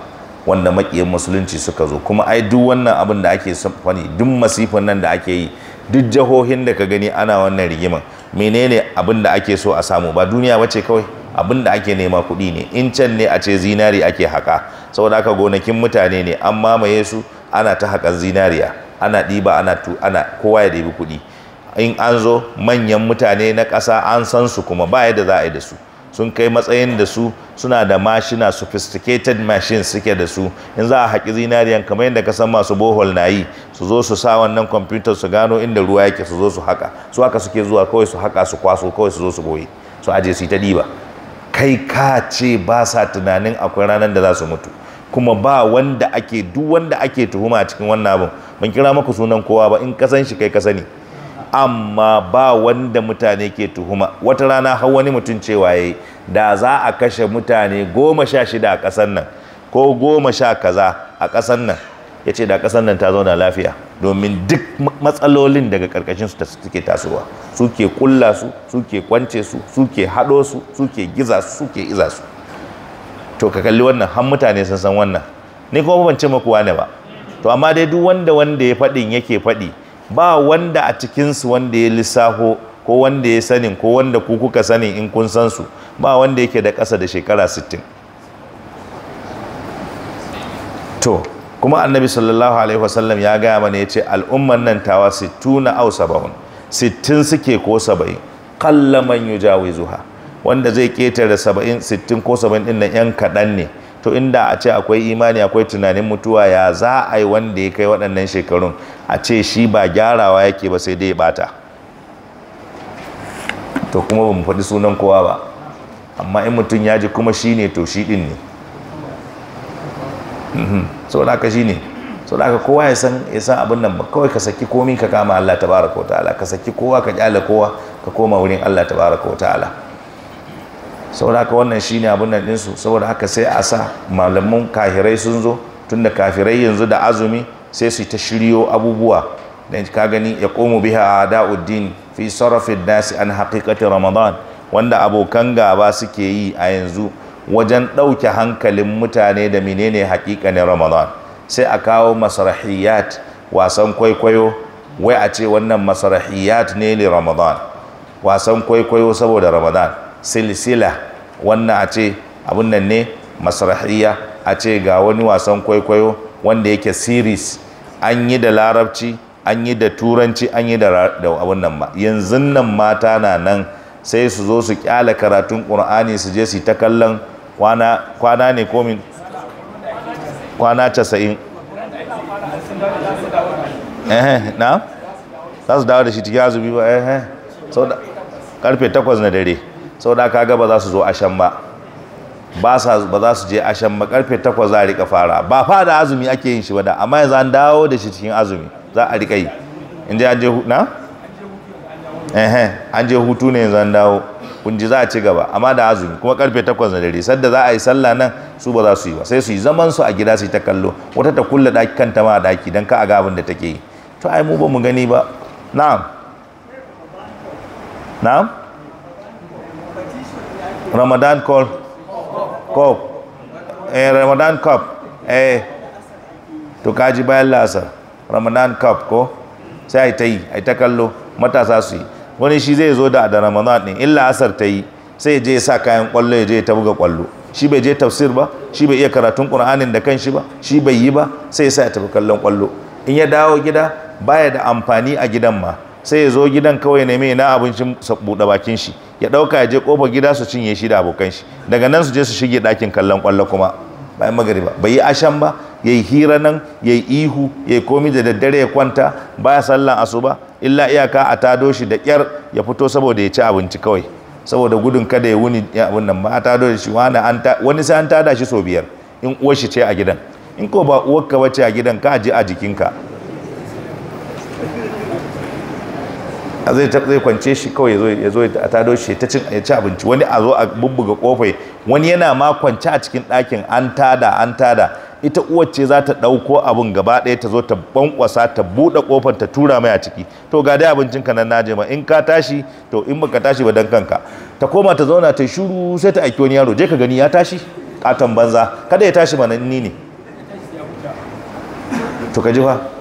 S1: wanda makiyan musulunci suka zo kuma ai duk wannan abin da ake fani duk masifan nan da ake yi duk jahohin da ka gani ana wannan rigiman menene abin da ake so a samu ba duniya ba ce kawai abin da ake nema kuɗi ne in can ne a ce zinari ake haƙa saboda aka gonakin mutane ne an mamaye su ana ta haƙan zinariya ana ɗiba ana tu kowa ya ɗibi kuɗi in an zo manyan mutane na ƙasa an san su kuma ba yadda za a yi da su sun kai matsayin da su suna da mashina sophisticated machines suke da su in za a haƙi zinariyan kamar yadda ka san masu bohol na yi su zo su sa wannan kwamfutar su gano inda ruwa yake su zo su haƙa su haka suke zuwa kawai su haƙa su kwaso kawai su zo su boye su aje su yi ta ɗiba kai ka ce ba sa tunanin akwai ranar da za su mutu kuma ba wanda ake duk wanda ake tuhuma cikin wannan abin ban kira maka sunan kowa ba in kasan shi kai ka sani amma ba wanda mutane ke tuhuma wata rana har wani mutum cewa yayi da za a kashe mutane goma sha shida a ƙasar nan ko goma sha kaza a ƙasar nan yace ce da ƙasar nan ta zauna lafiya domin duk matsalolin daga karkashin su suke tasowa suke kulla su suke kwance su suke haɗo su suke giza su suke iza to ka kalli wannan har mutane sun san wannan ni kuma ban ce muku wane ba to amma dai duk wanda wanda ya faɗin yake fadi ba wanda a cikinsu wanda ya lissafo ko wanda ya sanin ko wanda ku kuka sanin in kun san su ba wanda yake da kasa da shekara 60 to kuma annabi sallallahu alaihi wasallam ya gaya mana ya ce al'umman nan tawa 60 na au 70 60 suke ko 70 kallaman yujawizuha zuha wanda zai ketare saba'in sittin ko saba'in din nan yan kaɗan ne to inda a ce akwai imani akwai tunanin mutuwa ya za a yi wanda ya kai waɗannan shekarun a ce shi ba gyarawa yake ba sai dai bata to kuma ba mu faɗi sunan kowa ba amma in mutum ya ji kuma shi ne to shi ɗin ne mhm. so da haka shi ne so da haka kowa ya san ya abin nan ba kawai ka saki komi ka kama Allah tabaraka wa ta'ala ka saki kowa ka kyale kowa ka koma wurin Allah tabaraka wa ta'ala saboda haka wannan shine abin nan su saboda haka sai a sa malaman kahirai sun zo tunda kafirai yanzu da azumi sai su ta shiryo abubuwa da ka gani ya komo biha a da'uddin fi sarrafin nasi an haƙiƙatin ramadan wanda abokan gaba suke yi a yanzu wajen ɗauke hankalin mutane da menene haƙiƙanin ramadan sai a kawo masarahiyat wasan kwaikwayo wai a ce wannan masarahiyat ne ne ramadan wasan kwaikwayo saboda ramadan silsila wannan a ce abin nan ne masrahiya a ce ga wani wasan kwaikwayo wanda yake series an yi da larabci an yi da turanci an yi da abin nan ba yanzu nan mata na nan sai su zo su kyala karatun ƙur'ani su je su ta kallon kwana ne komin kwana casa'in na za su dawo da shi cikin azumi ba karfe takwas na dare saboda kaga ba za su zo ashan ba ba sa ba za su je ashan ba karfe 8 za a rika fara ba fa da azumi ake yin shi ba da amma yanzu an dawo da shi cikin azumi za a rika yi in je an je na eh an je hutu ne yanzu an dawo kun ji za a ci gaba amma da azumi kuma karfe 8 na dare sadda za a yi sallah nan su ba za su yi ba sai su yi zaman su a gida su yi ta kallo wata ta kulla daki kanta ma a daki dan ka a ga abin da take yi to ai mu ba mu gani ba na'am na'am Ramadan call cup eh Ramadan cup eh to kaji bayan lasa Ramadan cup ko sai ai yi ai ta kallo matasa su wani shi zai zo da da Ramadan din illa asar ta yi sai ya sa kayan kwallo ya je ta buga kwallo shi bai je tafsir ba shi bai iya karatun Qur'anin da kanshi ba shi bai yi ba sai ya sa ya kallon kwallo in ya dawo gida baya da amfani a gidan ma sai ya zo gidan kawai ne mai na abincin buɗe bakin shi ya ɗauka ya je ƙofar gida su cinye shi da abokan shi daga nan su je su shige ɗakin kallon ƙwallo kuma bayan magariba bai yi ashan ba ya yi hira nan ya yi ihu ya yi komi da daddare ya kwanta ba ya sallan ba illa iyaka a tado shi da ƙyar ya fito saboda ya ci abinci kawai saboda gudun kada ya wuni abin nan ba a tado shi wani sai an tada shi sau biyar in uwar shi ce a gidan in ko ba uwarka bace a gidan ka je a jikinka a zai zai kwance shi kawai ya zo ya zo a tado shi ta cin ya ci abinci wani a zo a bubbuga kofai wani yana ma kwance a cikin ɗakin an tada an tada ita uwar ce za ta ɗauko abin gaba ɗaya ta zo ta bankwasa ta buɗe kofar ta tura mai a ciki to ga dai abincin ka nan naje ma in ka tashi to in baka tashi ba dan kanka ta koma ta zauna ta shuru sai ta aiki wani yaro je ka gani ya tashi katon banza kada ya tashi mana ni ne to ka ji fa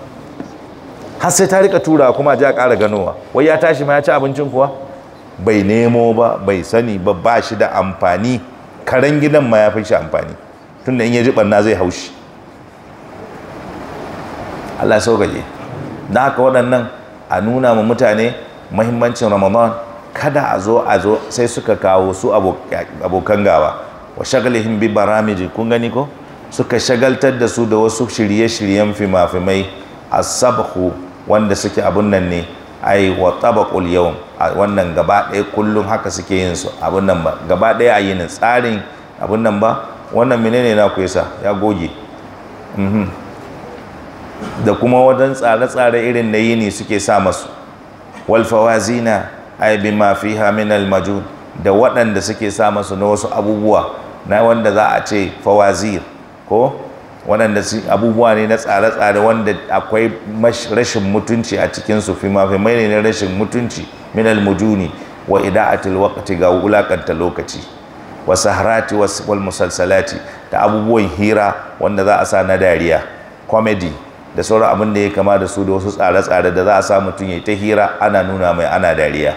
S1: har sai ta rika tura kuma ja ƙara ganowa wai ya tashi ma ya ci abincin kuwa bai nemo ba bai sani ba ba shi da amfani karen gidan ma ya fi shi amfani tunda in ya ji barna zai haushi Allah gaje na haka waɗannan a nuna ma mutane mahimmancin ramadan kada a zo a zo sai suka kawo su abokan gawa wa shagalihim bi baramiji kun gani ko suka shagaltar da su da wasu shirye-shiryen fimafimai fimai asabhu wanda suke abun nan ne ai wa tabaqul yawm wannan gaba ɗaya kullum haka suke yin su abun nan ba gaba ɗaya a yin tsarin abun nan ba wannan menene na ku yasa ya goge mhm. da kuma wajen tsare-tsare irin na yini suke sa masu wal fawazina ai ma fiha min al majud da waɗanda suke sa masu na wasu abubuwa na wanda za a ce fawazir ko waɗanda su abubuwa ne na tsare-tsare wanda akwai rashin mutunci a cikin su fi mafi mai ne na rashin mutunci min mujuni wa a tilwakati ga wulakanta lokaci wa sahrati wal musalsalati da abubuwan hira wanda za a sa na dariya comedy da sauran abin da ya kama da su da wasu tsare-tsare da za a sa mutum ya ta hira ana nuna mai ana dariya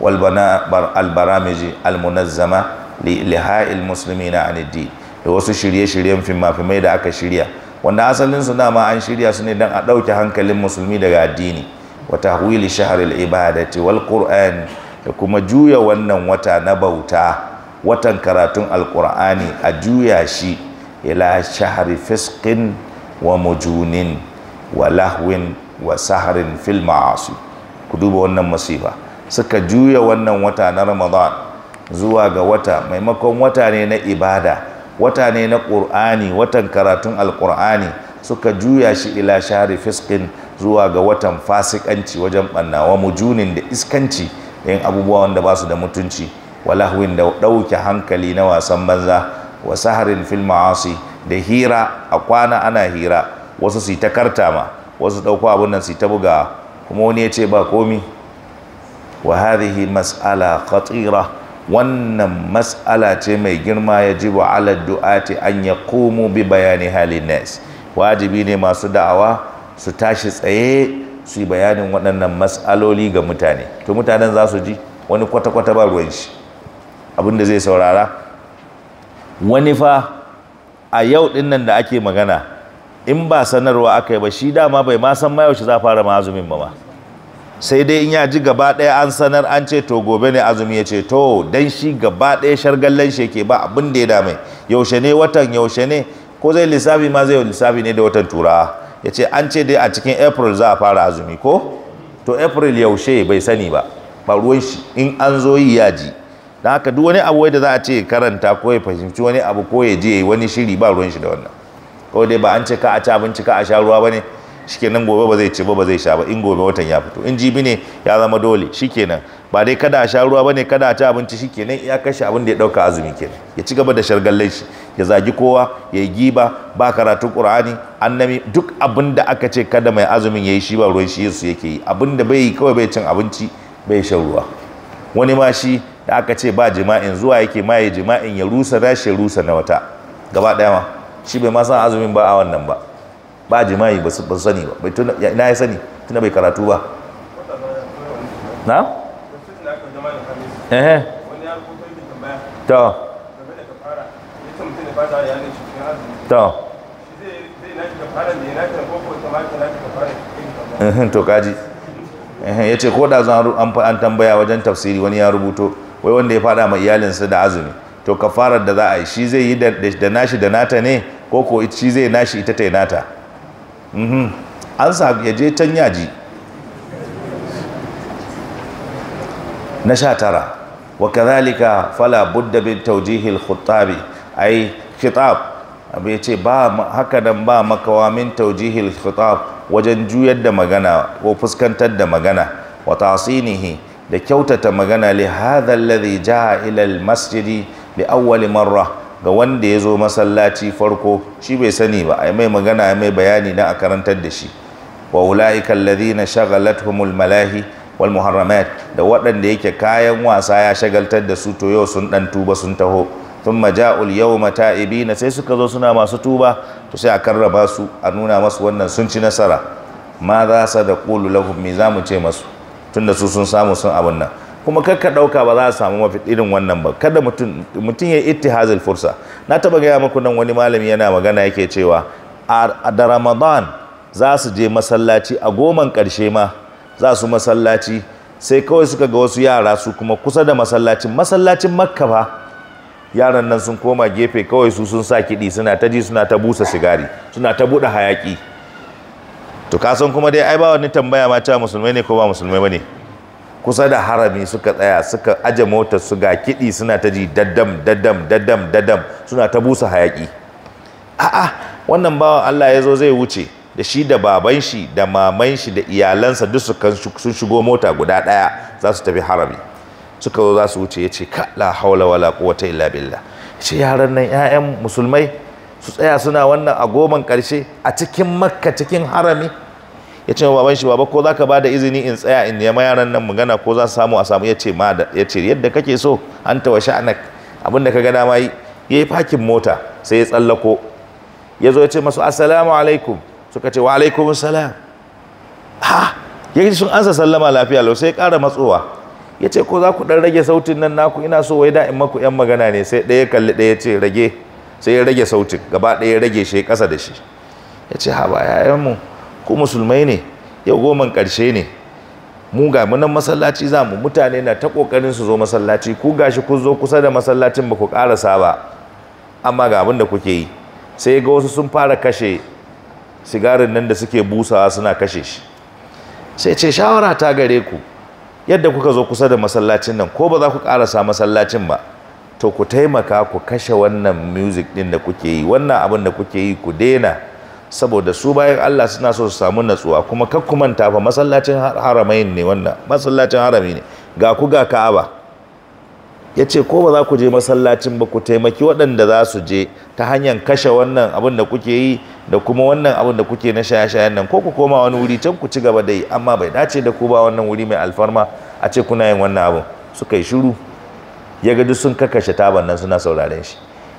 S1: wal albaramiji almunazzama li ilha'il na anid da wasu shirye-shiryen fimafimai da aka shirya wanda asalin su dama an shirya su ne don a ɗauke hankalin musulmi daga addini Wata huwili shaharil ibadati wal qur'an da kuma juya wannan wata na bauta watan karatun alqur'ani a juya shi ila shahar fiskin wa mujunin wa lahwin wa saharin fil ma'asi ku duba wannan masifa suka juya wannan wata na ramadan zuwa ga wata maimakon wata ne na ibada wata ne na ƙur'ani watan karatun alƙur'ani suka juya shi ila shari fiskin zuwa ga watan fasikanci wajen ɓanna wa mujunin da iskanci da yin abubuwa wanda ba su da mutunci wa lahwin da ɗauke hankali na wasan banza wa saharin fil ma'asi da hira a kwana ana hira wasu su ta karta ma wasu ɗauko abin nan su ta bugawa, kuma wani ya ce ba komi wa hadhihi mas'ala khatira wannan mas'ala ce mai girma ya ji wa ala du'ati an ya komo bi bayani halin nes wajibi ne masu da'awa su tashi tsaye su yi bayanin waɗannan matsaloli ga mutane to mutanen za su ji wani kwata-kwata ba ruwan shi abin da zai saurara wani fa a yau ɗin nan da ake magana in ba sanarwa aka yi ba shi dama bai ma san mayaushe yaushe za fara ma azumin ba ma sai dai in ya ji gaba ɗaya an sanar an ce to gobe ne azumi ya ce to dan shi gaba ɗaya shargallan shi yake ba abin da ya dame yaushe ne watan yaushe ne ko zai lissafi ma zai lissafi ne da watan turawa ya ce an ce dai a cikin april za a fara azumi ko to april yaushe bai sani ba ba ruwan shi in an zo yi ya ji don haka duk wani abu da za a ce karanta ko ya fahimci wani abu ko ya je wani shiri ba ruwan shi da wannan ko dai ba an ce ka a ci abinci ka a sha ruwa ba ne shikenan gobe ba zai ci ba ba zai sha ba in gobe watan ya fito in jibi ne ya zama dole shikenan ba dai kada a sha ruwa bane kada a ci abinci shikenan ya kashe abin da ya dauka azumi kenan ya ci gaba da shargallai shi ya zagi kowa ya yi giba ba karatun qur'ani annami duk abin da aka ce kada mai azumin yayi shi ba ruwan shi yesu yake yi abin da bai yi kawai bai cin abinci bai shan ruwa wani ma shi da aka ce ba jima'in zuwa yake ma jima'in ya rusa rashi ya rusa na wata gaba daya ma shi bai ma san azumin ba a wannan ba ba jima'i ba su sani ba bai tuna ina ya sani tuna bai karatu ba na eh to to to kaji ya ce ko da zan an tambaya wajen tafsiri wani ya rubuto wai wanda ya fada ma iyalinsa da azumi to kafarar da za a yi shi zai yi da nashi da nata ne ko ko shi zai nashi ita ta yi nata Mhm. an sa ya je can yaji na sha tara wa kazalika fala budda bin taujihil khutabi ai khitab abai ce ba haka nan ba makawa min taujihil khitab wajen juyar da magana ko fuskantar da magana wa tasinihi da kyautata magana li hadha alladhi jaa ila al masjidi li awwal marra ga wanda ya zo masallaci farko shi bai sani ba ai mai magana ai mai bayani na a karantar da shi wa na shagalat humul malahi wal muharramat da waɗanda yake kayan wasa ya shagaltar da su to yau sun ɗan tuba sun taho maja'ul yau yawma na sai suka zo suna masu tuba to sai a karraba su a nuna masu wannan sun ci nasara ma za sa da ƙulu lahum me mu ce masu tunda su sun samu sun abin nan kuma kakka ɗauka ba za a samu mafi irin wannan ba kada mutum ya itti hazil fursa na taba gaya muku nan wani malami yana magana yake cewa a da ramadan za su je masallaci a goman karshe ma za su masallaci sai kawai suka ga wasu yara su kuma kusa da masallacin masallacin makka ba yaran nan sun koma gefe kawai su sun sa kiɗi suna ta ji suna ta busa sigari suna ta buɗe hayaƙi to kasan kuma dai ai ba wani tambaya ma cewa musulmai ne ko ba musulmai ba ne kusa da harami suka tsaya suka aje motar su ga kiɗi suna ta ji daddam daddam daddam daddam suna ta busa hayaƙi a'a wannan bawan Allah ya zo zai wuce da shi da baban shi da maman shi da iyalansa duk su kan sun shigo mota guda ɗaya za su tafi harami suka zo za su wuce ya ce ka la haula wala quwwata illa billah ya ce yaran nan 'ya'yan musulmai su tsaya suna wannan a goman ƙarshe a cikin makka cikin harami ya ce baban shi baba ko zaka bada izini in tsaya in nema yaran nan magana ko za su samu a samu ya ce ma yadda kake so an tawa sha'anak abin da ka ga dama yi fakin mota sai ya tsallako ya zo ya ce masu assalamu alaikum suka ce wa alaikum salam ha ya sun ansa sallama lafiya lau sai ya kara matsowa ya ce ko za ku ɗan rage sautin nan naku ina so wai da in maku yan magana ne sai ɗaya kalli ɗaya ce rage sai ya rage sautin gaba ɗaya rage shi ƙasa da shi ya ce ha ba mu. ku musulmai ne yau goman karshe ne mu ga munan masallaci za mu mutane na ta kokarin su zo masallaci ku gashi ku zo kusa da masallacin ba ku ƙarasa ba amma ga abinda kuke yi sai ga wasu sun fara kashe sigarin nan da suke busawa suna kashe shi sai ce shawara ta gare ku yadda kuka zo kusa da masallacin nan ko ba za ku ƙarasa masallacin ba to ku taimaka ku kashe wannan music ɗin da kuke yi wannan abin da kuke yi ku daina saboda su bayan Allah suna so su samu natsuwa kuma kar ku manta fa masallacin haramain ne wannan masallacin harami ne ga ku ga Ka'aba yace ko ba za ku je masallacin ba ku taimaki waɗanda za su je ta hanyar kashe wannan abin da kuke yi da kuma wannan abin da kuke na shaya shayan nan ko ku koma wani wuri can ku ci gaba da yi amma bai dace da ku ba wannan wuri mai alfarma a ce kuna yin wannan abin suka yi shiru ya ga duk sun kakkashe taban nan suna sauraren shi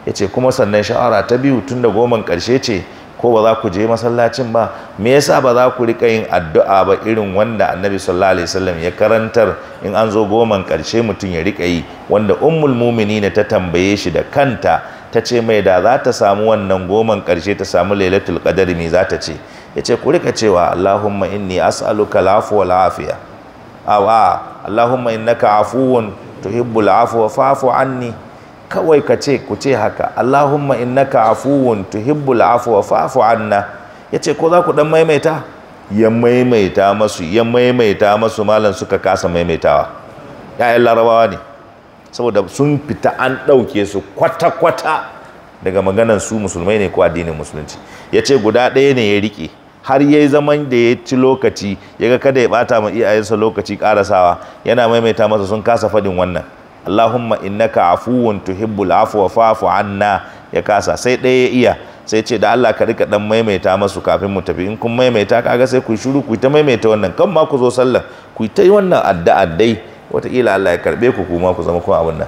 S1: yace kuma sannan sha'ara ta biyu tun da goman ƙarshe ce ko ba za ku je masallacin ba me yasa ba za ku rika yin addu'a ba irin wanda annabi sallallahu alaihi wasallam ya karantar in an zo goman karshe mutum ya rika yi wanda ummul ne ta tambaye shi da kanta ta ce mai da za ta samu wannan goman karshe ta samu lailatul qadari me za ta ce ya ce ku rika cewa allahumma inni as'aluka al'afwa wal afiya awa allahumma innaka afuwun tuhibbul afwa fa'fu anni kawai ka ce ku ce haka Allahumma innaka afuwun tuhibbul afwa fa'fu anna yace ko za ku dan maimaita ya maimaita masu ya maimaita masu malan suka kasa maimaitawa ya'yan larabawa ne saboda sun fita an ɗauke su kwata-kwata daga maganan su musulmai ne ko addinin musulunci ya ce guda ɗaya ne ya riƙe har ya zaman da ya ci lokaci ya ga kada ya bata ma iyayensa lokaci ƙarasawa yana maimaita masa sun kasa faɗin wannan Allahumma innaka afuwun tuhibbul wa fa'fu anna ya kasa sai ɗaya ya iya sai ce da Allah ka rika dan maimaita masu kafin mu tafi in kun maimaita kaga sai ku shiru ku ta maimaita wannan kan ma ku zo sallar ku ta yi wannan addu'a dai wataƙila Allah ya karbe ku kuma ku zama kuma abin nan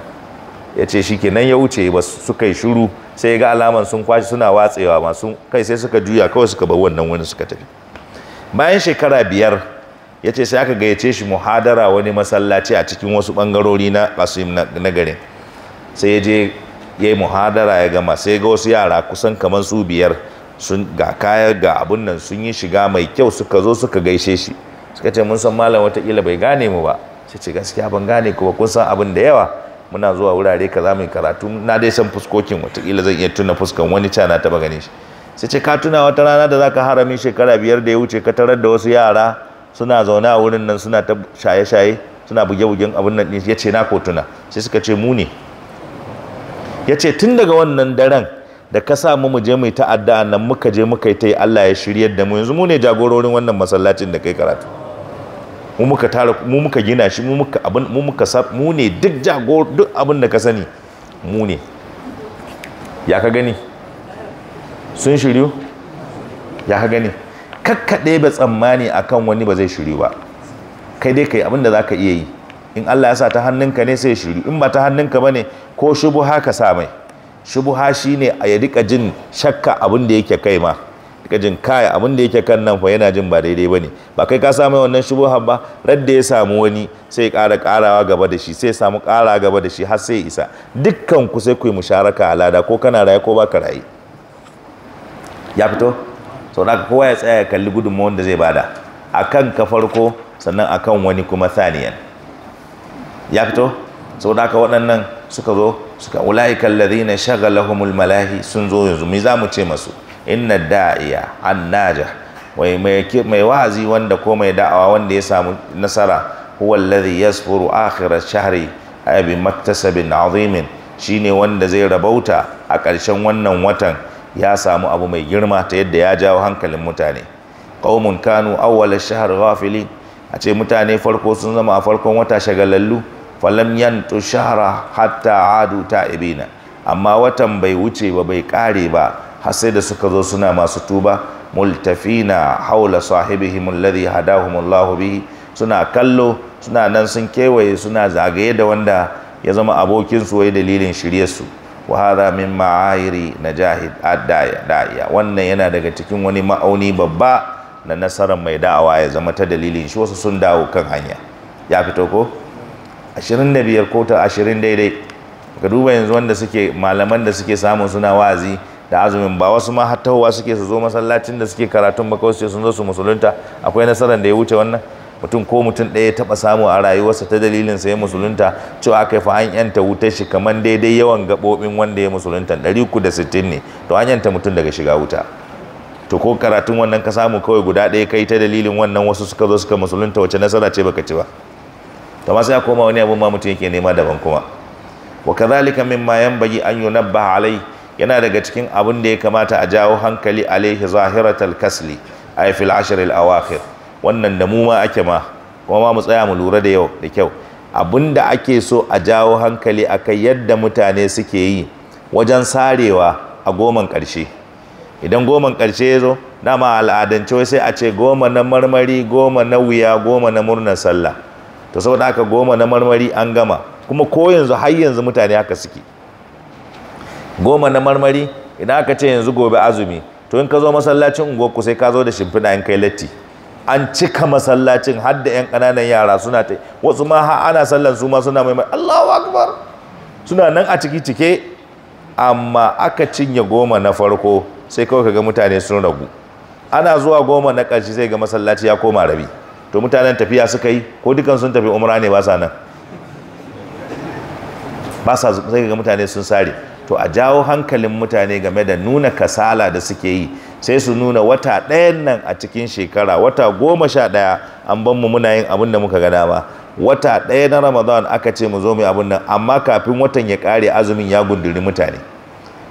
S1: ya ce shi kenan ya wuce ba su kai shiru sai ga alaman sun kwashi suna watsewa masu kai sai suka juya kawai suka bar wannan wani suka tafi bayan shekara biyar ya ce sai aka gayyace shi muhadara wani masallaci a cikin wasu ɓangarori na kasim na garin sai ya je ya yi muhadara ya gama sai ga wasu yara kusan kamar su biyar sun ga kaya ga abun nan sun yi shiga mai kyau suka zo suka gaishe shi suka ce mun san malam watakila bai gane mu ba sai ce gaskiya ban gane ku ba kun san abin da yawa muna zuwa wurare kaza mai karatu na dai san fuskokin watakila zan iya tuna fuskan wani cana taba gane shi sai ce ka tuna wata rana da zaka harami shekara biyar da ya wuce ka tarar da wasu yara suna zaune a wurin nan suna ta shaye-shaye suna buge-bugen abin nan ya ce na kotuna sai suka ce mu ne ya ce tun daga wannan daren da ka sa mu je mai ta'adda nan muka je muka yi ta yi Allah ya shirya da mu yanzu mu ne jagororin wannan masallacin da kai karatu mu muka tara mu muka gina shi mu muka abin mu muka sa mu ne duk jagor duk abin da ka sani mu ne ya ka gani sun shiryu ya ka gani kakkaɗe ba tsammani akan wani ba zai shiri ba kai dai kai abinda zaka za ka iya yi in Allah ya sa ta hannunka ne sai shiri in ba ta hannunka ba ne ko shubu ka sa mai shubuha shi ne a ya rika jin shakka abin da yake kai ma rika kaya abin da yake kan nan fa yana jin ba daidai ba ne ba kai ka sa mai wannan shubuha ba radda ya samu wani sai ƙara ƙarawa gaba da shi sai samu ƙara gaba da shi har sai isa dukkan ku sai ku yi musharaka alada ko kana raye ko baka raye ya fito sau da kowa ya tsaya ya kalli gudunmawar da zai bada a kan ka farko sannan a kan wani kuma saniyan ya fito sau da waɗannan suka zo suka wula'i kallari na shagalahumul malahi sun zo yanzu mai za mu ce masu inna da'iya an naja mai wa'azi wanda ko mai da'awa wanda ya samu nasara huwa alladhi yasfuru a shahri abi maktasabin azimin shine wanda zai rabauta a ƙarshen wannan watan ya samu abu mai girma ta yadda ya jawo hankalin mutane qaumun kanu awwal shahar shahr ghafilin a ce mutane farko sun zama a farkon wata shagalallu falam yantu shahra hatta adu ta'ibina amma watan bai wuce ba bai kare ba har sai da suka zo suna masu tuba multafina haula sahibihim alladhi Allah bihi suna kallo suna nan sun kewaye suna zagaye da wanda ya zama abokin su wai dalilin shiryar su wa min ma'ayiri jahid a daiya wannan yana daga cikin wani ma'auni babba na nasarar mai da'awa ya zama ta dalilin shi wasu sun dawo kan hanya ya fito ko 25 ko ta 20 daidai ga duba yanzu wanda suke malaman da suke samun suna wa'azi da azumin ba wasu ma hattawa suke su zo masallacin da suke karatun ba kawai sun zo su musulunta akwai nasarar da ya wuce wannan mutum ko mutum ɗaya taɓa samu a rayuwarsa ta dalilin sa musulunta cewa aka fa an yanta wuta shi kamar daidai yawan gaɓoɓin wanda ya musulunta ɗari uku da sittin ne to an yanta mutum daga shiga wuta to ko karatun wannan ka samu kawai guda ɗaya kai ta dalilin wannan wasu suka zo suka musulunta wace nasara ce baka ci ba to ma sai koma wani abu ma mutum yake nema daban kuma wa kadhalika mimma yanbaghi an yunabbaha alai yana daga cikin abin da ya kamata a jawo hankali alaihi zahiratal kasli ay fil ashr al awakhir wannan da mu ma ake ma kuma ma mu tsaya mu lura da yau da kyau abin da ake so a jawo hankali akai yadda mutane suke yi wajen sarewa a goman ƙarshe idan goman karshe ya zo dama al'adance sai a ce goma na marmari goma na wuya goma na murnar sallah to saboda haka goma na marmari an gama kuma ko yanzu har yanzu mutane haka suke goma na marmari idan aka ce yanzu gobe azumi to in ka zo masallacin unguwarku sai ka zo da shimfiɗa in kai latti an cika masallacin har da yan ƙananan yara suna ta wasu ma ha ana sallan su ma suna mai mai Allahu akbar suna nan a ciki cike amma aka cinye goma na farko sai kawai kaga mutane sun ragu ana zuwa goma na ƙarshe sai ga masallaci ya koma rabi to mutanen tafiya suka yi ko dukan sun tafi umra ne ba sa nan ba sa sai ga mutane sun sare to a jawo hankalin mutane game da nuna kasala da suke yi sai su nuna wata ɗayan nan a cikin shekara wata goma sha ɗaya an ban mu muna yin abin da muka ga dama wata ɗaya na ramadan aka ce mu zo mu abin nan amma kafin watan ya ƙare azumin ya gunduri mutane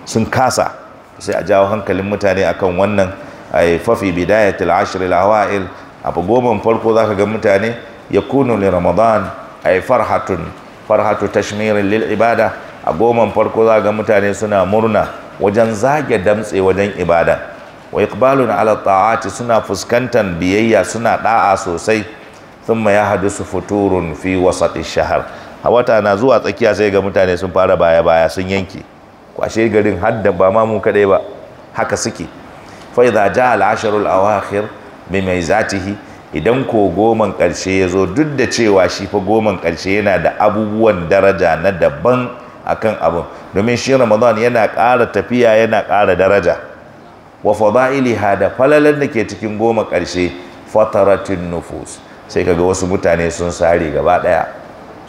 S1: sun kasa sai a jawo hankalin mutane akan wannan a fafi bidayatul ashr al awail abu goma farko za ka ga mutane yakunu li ramadan ay farhatun farhatu tashmirin lil ibada a goma farko za ka ga mutane suna murna wajen zage damtse wajen ibada wa iqbalun ala ta'ati suna fuskantar biyayya suna da'a sosai thumma ya hadisu futurun fi wasati shahar a wata na zuwa tsakiya sai ga mutane sun fara baya baya sun yanke kwashe garin hadda ba ma mu kadai ba haka suke fa idza jaa al ashr al awakhir bi maizatihi idan ko goman karshe ya zo duk da cewa shi fa goman karshe yana da abubuwan daraja na daban akan abun domin shi ramadan yana ƙara tafiya yana ƙara daraja wa fadailiha da falalan da ke cikin goma ƙarshe fataratin nufus sai kaga wasu mutane sun sare gaba daya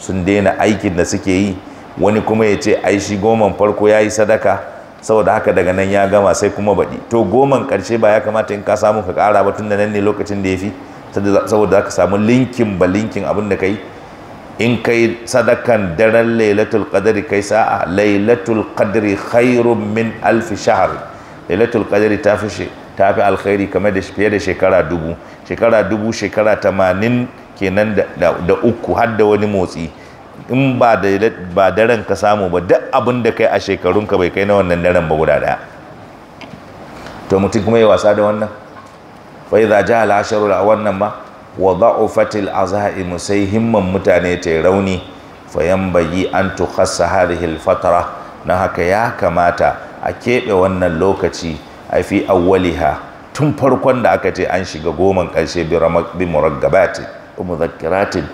S1: sun daina aikin da suke yi wani kuma ya ce ai shi goman farko ya yi sadaka saboda haka daga nan ya gama sai kuma baɗi to goman ƙarshe ba ya kamata in ka samu ka kara ba tun da nan ne lokacin da ya fi saboda za ka samu linkin ba linkin abin da ka in kai sadakan daren lailatul qadri kai sa'a lailatul qadri khairun min alfi shahar lailatul qadri ta fi ta fi alkhairi kamar da fiye da shekara dubu shekara dubu shekara tamanin kenan da uku har da wani motsi in ba da ba daren ka samu ba duk abin da kai a shekarun ka bai kai na wannan daren ba guda daya to mutum kuma ya wasa da wannan fa idza jaha asharu la wannan ba wa da'ufat al-azaimu sai himman mutane ta rauni fa yanbaghi an tukhassa hadhihi al-fatra na haka ya kamata a keɓe wannan lokaci a fi awwaliha tun farkon da aka ce an shiga goman ƙarshe bi muraggabati muzakkiratin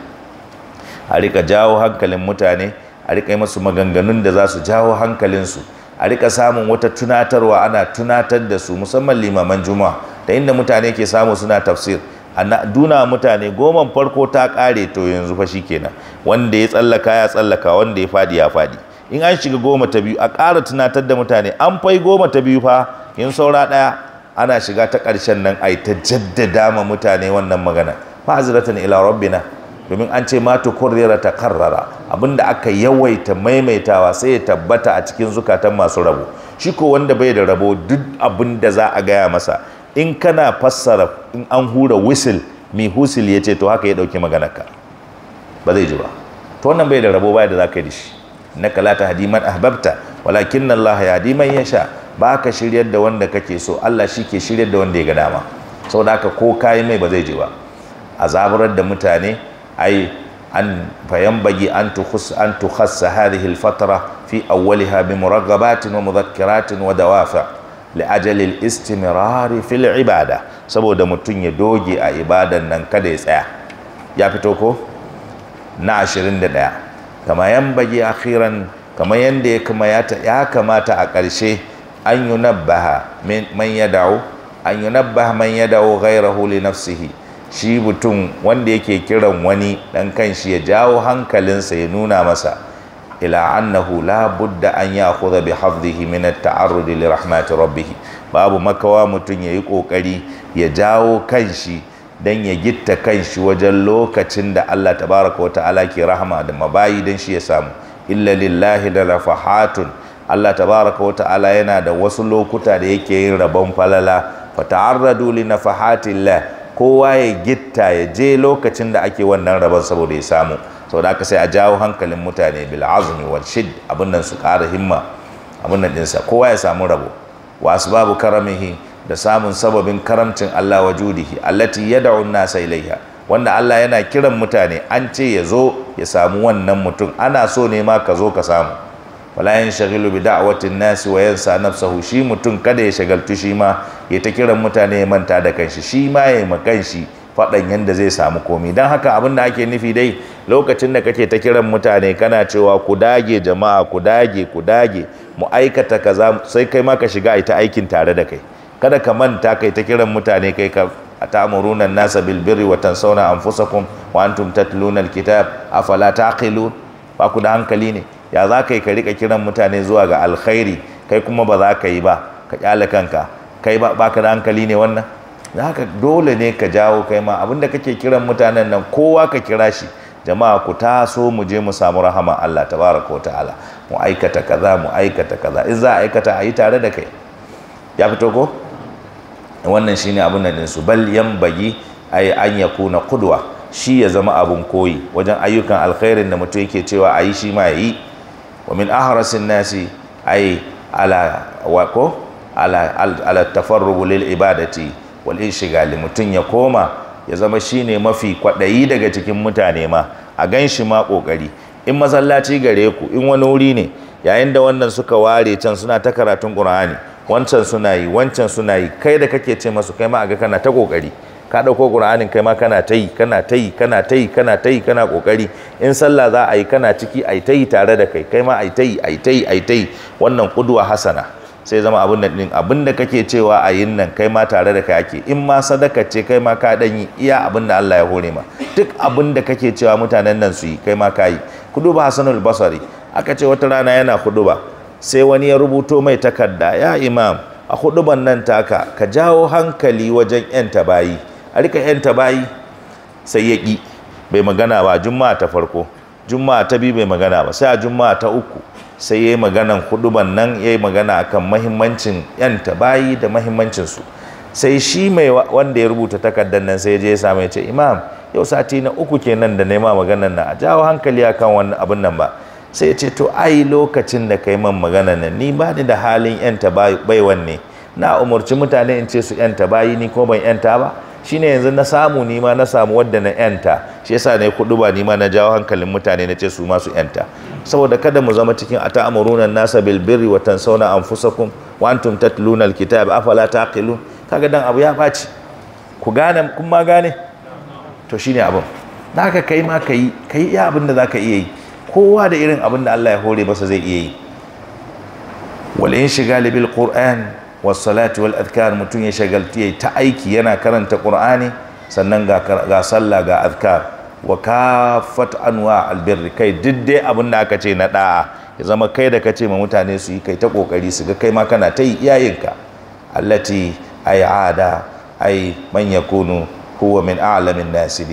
S1: a rika jawo hankalin mutane a rika yi masu maganganun da za su jawo hankalinsu a rika samun wata tunatarwa ana tunatar da su musamman limaman juma'a da inda mutane ke samu suna tafsir a duna mutane goman farko ta ƙare to yanzu fa kenan wanda ya tsallaka ya tsallaka wanda ya faɗi ya faɗi in an shiga goma ta biyu a ƙara tunatar da mutane an fai goma ta biyu fa in saura ɗaya ana shiga ta ƙarshen nan a yi ta jaddada ma mutane wannan magana ma'aziratan ila rabbina domin an ce ma tukurrira ta karrara abinda aka yawaita maimaitawa sai ya tabbata a cikin zukatan masu rabo shi ko wanda bai da rabo duk abin da za a gaya masa in kana fassara in an hura wisil mi husil ya ce to haka ya ɗauki maganarka ba zai ji ba to wannan bai da rabo baya da za ka yi da shi innaka la tahdi man ahbabta walakinna Allah yahdi man yasha baka shiryar da wanda kake so Allah shi ke shiryar da wanda ya ga dama saboda haka ko kai mai ba zai je ba azabar da mutane ai an bagi an tukhas an tukhassa hadhihi alfatra fi awwalha bi muraghabatin wa mudhakkiratin wa dawafa ajali alistimrar fil ibada saboda mutum ya doge a ibadan nan kada ya tsaya ya fito ko na 21 kama yanbaghi akhiran kama yanda ya kamata ya kamata a ƙarshe an man yad'u an yunabbaha man yad'u ghayrahu li nafsihi shi mutum wanda yake kiran wani dan kanshi ya jawo hankalinsa ya nuna masa ila annahu la budda an ya'khudha bi hafdhihi min at li rahmati rabbih babu makawa mutum yayi kokari ya jawo kanshi dan ya gitta kan shi wajen lokacin da Allah tabaraka wa ta'ala ke rahama da mabayi don shi ya samu illa lillahi da Allah tabaraka wa ta'ala yana da wasu lokuta da yake yin rabon falala fata'arradu li nafahatillah kowa ya gitta ya je lokacin da ake wannan rabon saboda ya samu saboda haka sai a jawo hankalin mutane bil azmi wal abin nan su ƙara himma abin nan dinsa kowa ya samu rabo wa asbabu karamihi da samun sababin karamcin Allah wa judihi allati yad'u an-nasa ilayha wanda Allah yana kiran mutane an ce ya zo ya samu wannan mutum ana so ne ma ka zo ka samu wala shagilu bi da'watin nasi wa yansa nafsahu shi mutum kada ya shagaltu shi ma ya ta kiran mutane ya manta da kanshi shi ma ya ma kanshi faɗan yadda zai samu komi don haka abin da ake nufi dai lokacin da kake ta kiran mutane kana cewa ku dage jama'a ku dage ku dage mu aikata kaza sai kai ma ka shiga ita aikin tare da kai kada ka manta kai ta kiran mutane kai ka atamuruna an-nasa bil birri wa tansawna anfusakum wa antum tatluna al-kitab afala taqilun ba ku da hankali ne ya za ka yi ka rika kiran mutane zuwa ga alkhairi kai kuma ba za ka yi ba ka kyale kanka kai ba ka da hankali ne wannan za haka dole ne ka jawo kai ma abinda kake kiran mutanen nan kowa ka kira shi jama'a ku taso mu je mu samu rahama Allah tabaraka wa ta'ala mu aikata kaza mu aikata kaza in za a aikata a yi tare da kai ya fito ko wannan shine abin da su bal yambagi ay an yakuna qudwa shi ya zama abun koyi wajen ayyukan alkhairin da mutum yake cewa ayi shi ma yayi wa min ahrasin nasi ay ala wako ala ala tafarrubu lil ibadati wal mutum ya koma ya zama shine mafi kwadayi daga cikin mutane ma a ganshi ma kokari in masallaci gare ku in wani wuri ne yayin da wannan suka ware can suna ta karatun qur'ani wancan suna yi wancan suna yi kai da kake ce masu kai ma a ga kana ta kokari ka dauko qur'anin kai ma kana ta kana ta kana ta kana ta kana kokari in sallah za a yi kana ciki ai ta yi tare da kai kai ma ai ta yi ai ta yi ai ta yi wannan qudwa hasana sai zama abin nan din abin da kake cewa a yin nan kai ma tare da kai ake in ma sadaka ce kai ma ka dan yi iya abin da Allah ya hore ma duk abin da kake cewa mutanen nan su yi kai ma ka yi hasanul basari aka ce wata rana yana kuduba sai wani ya rubuto mai takarda ya imam a huduban nan taka ka jawo hankali wajen 'yan bayi a rika 'yan bayi sai ya ƙi bai magana ba juma'a ta farko juma'a ta biyu bai magana ba sai a juma'a ta uku sai ya yi maganan huduban nan ya yi magana akan mahimmancin yan tabayi da mahimmancinsu sai shi mai wanda ya rubuta takardar nan sai yaje je ya same ya ce imam yau sati na uku kenan da nema maganan nan a jawo hankali akan wani abin nan ba sai ya ce to ai lokacin da kai man magana nan ni ba ni da halin yanta baiwan ne na umarci mutane in ce su yanta bayi ni ko ban yanta ba shine yanzu na samu ni ma na samu wadda na yanta shi yasa ne kudu ba ni ma na jawo hankalin mutane na ce su ma su yanta saboda kada mu zama cikin ata amuruna nasa bil birri wa tansawna anfusakum wa antum tatluna al kitab afala taqilun kaga dan abu ya faci ku gane kun ma gane to shine abin naka kai ma kai kai iya abin da zaka iya yi kowa da irin abin da Allah ya hore masa zai iya yi wal in shiga libil qur'an was salatu wal adhkar mutum ya shagalti ta aiki yana karanta qur'ani sannan ga ga sallah ga adhkar wa kafat anwa al birr kai duk dai abin da aka ce na da'a ya zama kai da kace ma mutane su yi kai ta kokari su ga kai ma kana ta yi iyayenka allati ay ada ay man yakunu huwa min a'lamin nasi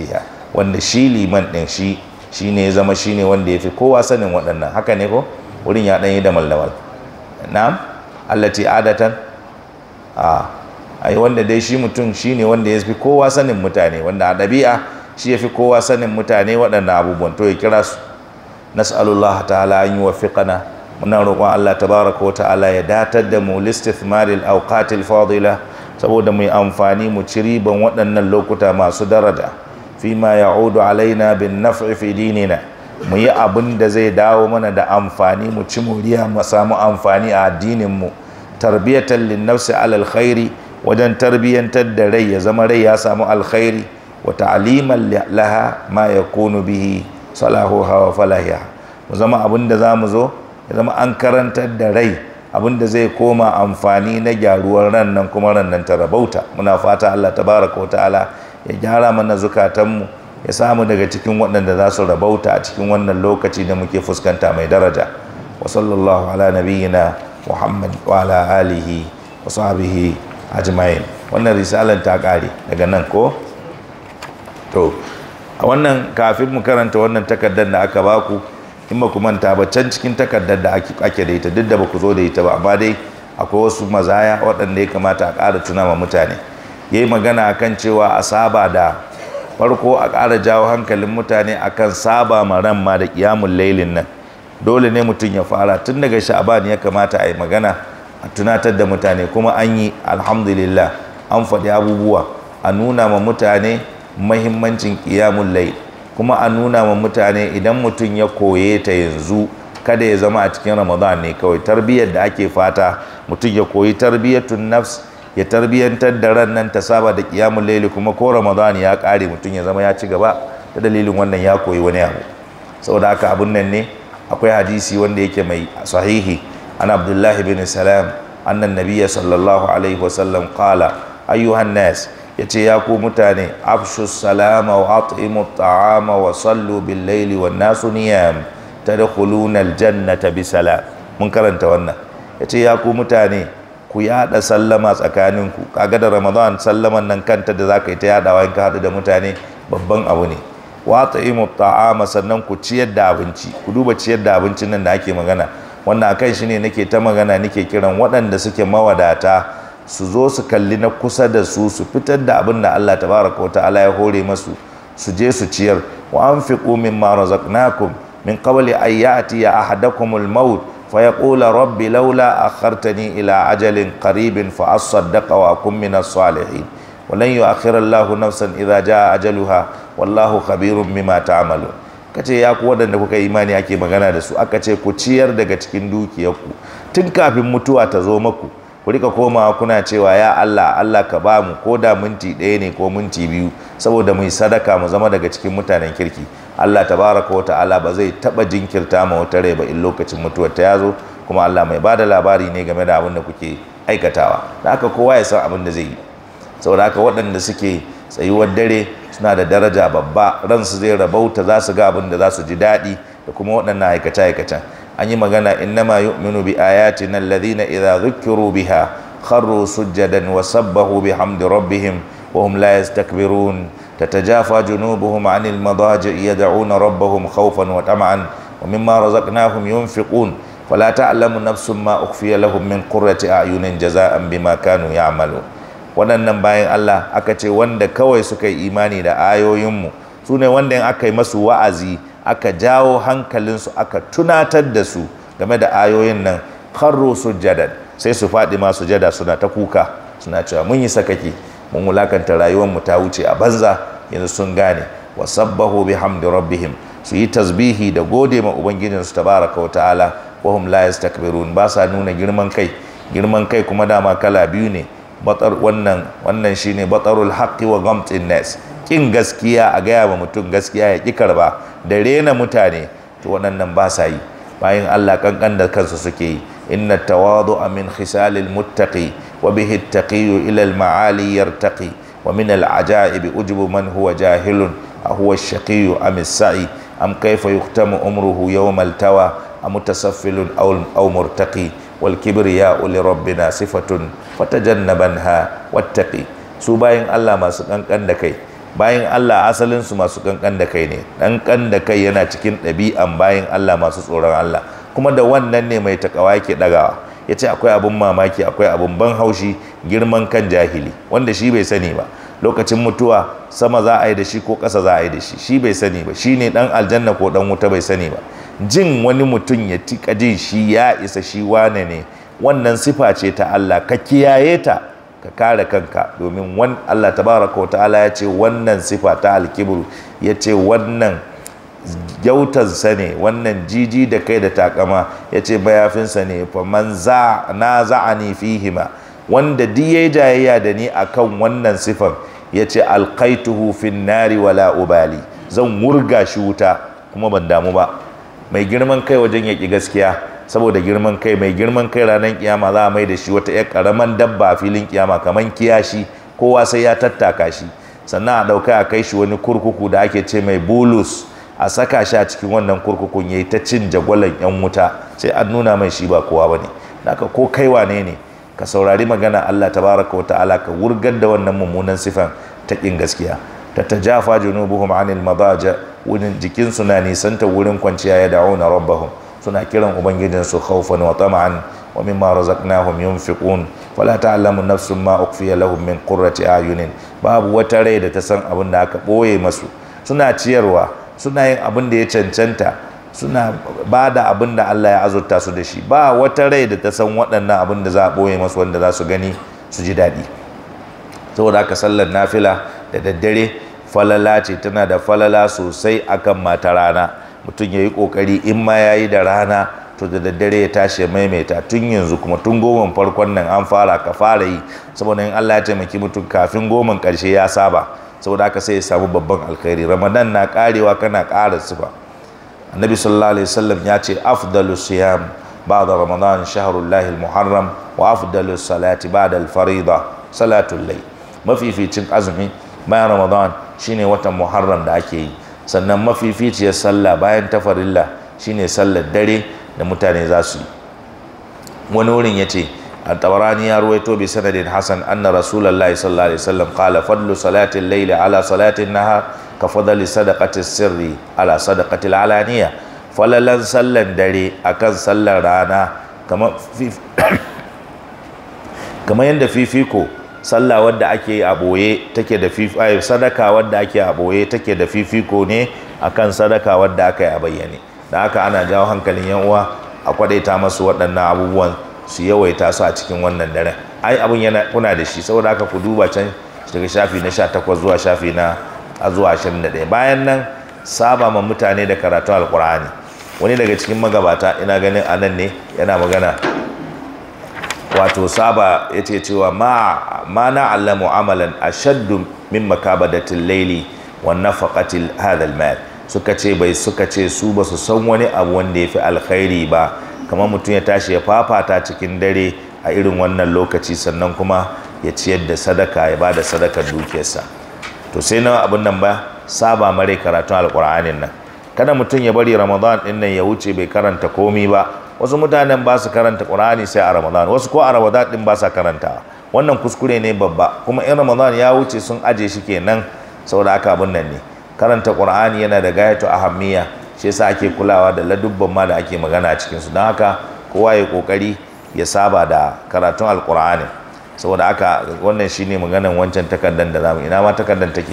S1: wanda shi liman ɗin shi shine ya zama shine wanda ya fi kowa sanin waɗannan haka ne ko wurin ya ɗanyi yi da mallawal na'am allati adatan a ai wanda dai shi mutum shine wanda ya fi kowa sanin mutane wanda a ɗabi'a shi ya fi kowa sanin mutane waɗannan abubuwan to ya kira su nas'alullah ta'ala an yi wa yuwaffiqana muna roƙon Allah tabaraka wa ta'ala ya datar da mu listithmaril awqatil fadila saboda mu yi amfani mu ci riban waɗannan lokuta masu daraja fima ya'udu alaina bin naf'i fi dinina mu yi abin da zai dawo mana da amfani mu ci muriya mu samu amfani a addinin mu tarbiyatan lin nafsi alal wajen tarbiyyantar da rai ya zama rai ya samu alkhairi wata ta'liman laha ma yakunu bihi salahu hawa falahiya mu zama abin da za mu zo ya zama an karantar da rai abinda zai koma amfani na gyaruwar ran nan kuma ran nan ta rabauta muna fata Allah tabaraka wa ta'ala ya gyara mana zukatanmu ya samu daga cikin waɗanda za su rabauta a cikin wannan lokaci da muke fuskanta mai daraja wa sallallahu ala nabiyyina muhammad wa ala alihi wa sahbihi ajma'in wannan risalar ta kare daga nan ko to a wannan kafin mu karanta wannan takardar da aka baku in ba ku manta ba can cikin takardar da ake da ita duk da ba ku zo da ita ba amma dai akwai wasu mazaya waɗanda ya kamata a ƙara tuna mutane ya yi magana kan cewa a saba da farko a ƙara jawo hankalin mutane a kan saba ma ma da ƙiyamun lailin nan dole ne mutum ya fara tun daga sha'aban ya kamata a yi magana a tunatar da mutane kuma an yi alhamdulillah an faɗi abubuwa a nuna ma mutane mahimmancin ƙiyamun lail kuma a nuna ma mutane idan mutum ya koye ta yanzu kada ya zama a cikin ramadan ne kawai tarbiyyar da ake fata mutum ya koyi tarbiyyatun nafs ya tarbiyantar da ran nan ta saba da kiyamun laili kuma ko ramadan ya kare mutum ya zama ya ci gaba ta dalilin wannan ya koyi wani abu saboda haka abun nan ne akwai hadisi wanda yake mai sahihi an abdullahi bin salam annan nabiyya sallallahu alaihi wasallam qala ayyuhan nas yace ya ku mutane afshu salama wa at'imu ta'ama wa sallu bil laili wan nasu niyam tadkhuluna al jannata bi salam mun karanta wannan yace ya ku mutane ku yaɗa sallama tsakaninku kaga da ramadan sallaman nan kanta da zaka yi ta yadawa in ka haɗu da mutane babban abu ne wata imu ta'ama sannan ku ciyar da abinci ku duba ciyar da abincin nan da ake magana wannan akan shi ne nake ta magana nake kiran waɗanda suke mawadata su zo su kalli na kusa da su su fitar da abin da Allah tabaraka wa ala ya hore masu su je su ciyar wa anfiqu mimma razaqnakum min qabli ayyatiya ya ahadakumul maut Faya yaqula rabbi laula akartani ila ajalin karibin fa asaddaqa wa akun minas salihin walan yu'akhkhira Allahu nafsan idza jaa ajaluha wallahu khabirun bima ta'malu kace ya ku wadanda kuka imani ake magana da su aka ce ku ciyar daga cikin dukiyarku tun kafin mutuwa ta zo maku ku rika komawa kuna cewa ya Allah Allah ka ba mu ko da minti ɗaya ne ko minti biyu saboda mu sadaka mu zama daga cikin mutanen kirki Allah tabaraka wa ta'ala ba zai taba jinkirta ma wata rai ba in lokacin mutuwar ta yazo kuma Allah mai bada labari ne game da abin da kuke aikatawa da haka kowa ya san abin da zai yi saboda haka waɗanda suke tsayuwar dare suna da daraja babba ransu zai rabauta za su ga abin da za su ji daɗi da kuma waɗannan aikace-aikacen an yi magana innama yu'minu bi ayatina alladhina idza dhukiru biha kharru sujjadan wa sabbahu bihamdi rabbihim wa hum la yastakbirun tatajafa junubuhum 'anil madaji yad'una rabbahum khawfan wa tama'an wa mimma razaqnahum yunfiqun fala ta'lamu nafsun ma ukhfiya lahum min qurrati a'yunin jaza'an bima kanu ya'malu waɗannan bayan Allah aka ce wanda kawai suka yi imani da ayoyinmu su ne wanda aka yi masu wa'azi aka jawo hankalinsu aka tunatar da su game da ayoyin nan kharru sujjadan sai su faɗi ma sujada suna ta kuka suna cewa mun yi sakaki mun wulakanta rayuwar mu ta wuce a banza yanzu sun gane wa sabbahu bihamdi rabbihim su yi tasbihi da gode ma ubangijinsu tabaraka wa ta'ala wa hum la yastakbirun ba sa nuna girman kai girman kai kuma dama kala biyu ne batar wannan wannan shine batarul haqqi wa ghamtin nas kin gaskiya a gaya wa mutum gaskiya ya ki karba da rena mutane to waɗannan ba sa yi bayan Allah kankan da kansu suke yi inna Tawadu min khisalil muttaqi wa bihi ilal ila al-ma'ali yartaqi wa min al-ajaib ujubu man huwa jahilun a huwa ash-shaqiyyu am sai am kayfa yuktamu umruhu yaumaltawa, a tawa am mutasaffilun aw murtaqi Walkibir ya uli na sifatun fatajannabanha wattaqi su bayan Allah masu kankan da kai bayan Allah asalinsu masu kankan da kai ne kankan da kai yana cikin ɗabi'an bayan Allah masu tsoron Allah kuma da wannan ne mai takawa yake ɗagawa ya ce akwai abin mamaki akwai abin ban haushi girman kan jahili wanda shi bai sani ba lokacin mutuwa sama za a yi da shi ko ƙasa za a yi da shi shi bai sani ba shi ne ɗan aljanna ko ɗan wuta bai sani ba jin wani mutum ya tika jin shi ya isa shi wane ne wannan sifa ce ta Allah ka kiyaye ta ka kare kanka domin wan Allah tabaraka wa ta'ala ya ce wannan sifa ta alkibru ya ce wannan sa ne wannan jiji da kai da takama ya ce bayafinsa ne fa man za na za'ani hima wanda duk yayi jayayya da ni akan wannan sifan ya ce alkaituhu fin nari wala ubali zan wurga shi wuta kuma ban damu ba mai girman kai wajen yaƙi gaskiya saboda girman kai mai girman kai ranar kiyama za a mai da shi wata 'yar karaman dabba a filin kiyama kamar kiyashi kowa sai ya tattaka shi sannan a ɗauka a kai shi wani kurkuku da ake ce mai bulus a saka shi a cikin wannan kurkukun ya yi ta cin jagwalan 'yan wuta sai an nuna mai shi ba kowa ba ne naka ko kai wane ne ka saurari magana Allah Ta wa ta'ala ka wurgar da wannan mummunan sifan ta ƙin gaskiya ta tajafa junubuhum anil madaja wurin jikinsu na nisanta wurin kwanciya ya dawo na rabbahum suna kiran ubangijinsu khawfan wa tama'an wa mimma razaqnahum yunfiqun fala ta'lamu nafsun ma ukhfiya lahum min qurrati ayunin babu wata rai da ta san abin da aka boye masu suna ciyarwa suna yin abin da ya cancanta suna ba da abin da Allah ya azurta su da shi ba wata rai da ta san waɗannan abin da za a ɓoye masu wanda za su gani su ji daɗi saboda haka sallar nafila da daddare falala ce tana da falala sosai akan mata rana mutum ya yi ƙoƙari in ma ya yi da rana to da daddare ya tashi ya maimaita tun yanzu kuma tun goman farkon nan an fara ka fara yi saboda in Allah ya taimaki mutum kafin goman ƙarshe ya saba saboda aka sai ya samu babban alkhairi ramadan na karewa kana ƙara sifa annabi sallallahu alaihi wasallam ya ce afdalu siyam ba'da ramadan shahrullahi almuharram wa afdalu salati ba'da alfarida salatul layl mafificin azumi bayan ramadan shine watan muharram da ake yi sannan mafificiyar sallah bayan tafarilla shine sallar dare da mutane za su yi wani wurin ya ce الطبراني يروي توبي سند حسن أن رسول الله صلى الله عليه وسلم قال فضل صلاة الليل على صلاة النهار كفضل صدقة السر على صدقة العلانية فللن صلى دري أكن صلى رانا كما في كما يند في فيكو sallah wadda ake yi a take da fifi eh, sadaka wadda ake a boye take da fifiko ne akan sadaka wadda aka yi a bayyane da haka ana jawo hankalin yan uwa a kwadaita masu waɗannan abubuwan su yawaita su a cikin wannan dare ai abun yana kuna da shi saboda haka ku duba can daga shafi na 18 zuwa shafi na zuwa 21 bayan nan saba ma mutane da karatu alkur'ani wani daga cikin magabata ina ganin anan ne yana magana wato saba ya ce cewa ma na mu'amalan amalan shaddu min makabadatil da wan nafaqatil hadha mal suka ce bai suka ce su ba su san wani abu wanda ya fi alkhairi ba kamar mutum ya tashi ya fafata cikin dare a irin wannan lokaci sannan kuma ya ciyar da sadaka ya ba da sadakar dukiyarsa to sai na abin nan ba saba mare karatun alkur'anin nan kada mutum ya bari ramadan din nan ya wuce bai karanta komi ba wasu mutanen ba su karanta qur'ani sai a ramadan wasu ko a ramadan din ba sa karanta wannan kuskure ne babba kuma in ramadan ya wuce sun aje shi kenan saboda aka abin nan ne karanta qur'ani yana da gayatu ahammiya shi yasa ake kulawa da ladubban ma da ake magana a cikin su don haka kowa ya kokari ya saba da karatun alqur'ani saboda haka wannan shine maganan wancan takardan da zamu ina ma takardan take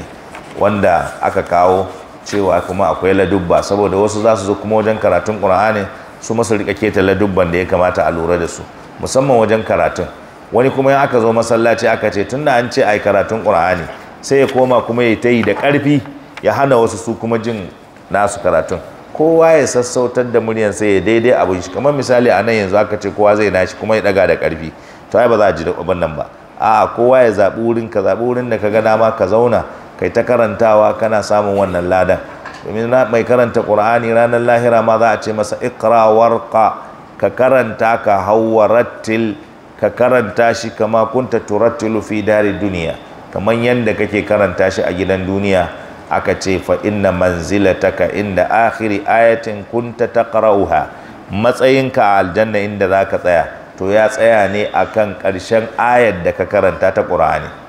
S1: wanda aka kawo cewa kuma akwai ladubba saboda wasu za su zo kuma wajen karatun qur'ani su masu rika keta dubban da ya kamata a lura da su musamman wajen karatun wani kuma ya aka zo masallaci aka ce tun da an ce ai karatun qur'ani sai ya koma kuma ya tayi da karfi ya hana wasu su kuma jin nasu karatun kowa ya sassautar da muryan sai ya daidai abin shi kamar misali a nan yanzu aka ce kowa zai nashi kuma ya daga da karfi to ai ba za a ji abin nan ba a kowa ya zaɓi wurin ka zaɓi wurin da ka ga dama ka zauna kai ta karantawa kana samun wannan ladan domin mai karanta ƙur'ani ranar lahira ma za a ce masa ikrawar ka ka karanta ka hauwa rattil ka karanta shi kama kunta turattilu fi dari duniya kamar yadda kake karanta shi a gidan duniya aka ce fa inna manzilataka inda akhiri ayatin kunta taqra'uha matsayinka a aljanna inda zaka tsaya to ya tsaya ne akan ƙarshen ayar da ka karanta ta ƙur'ani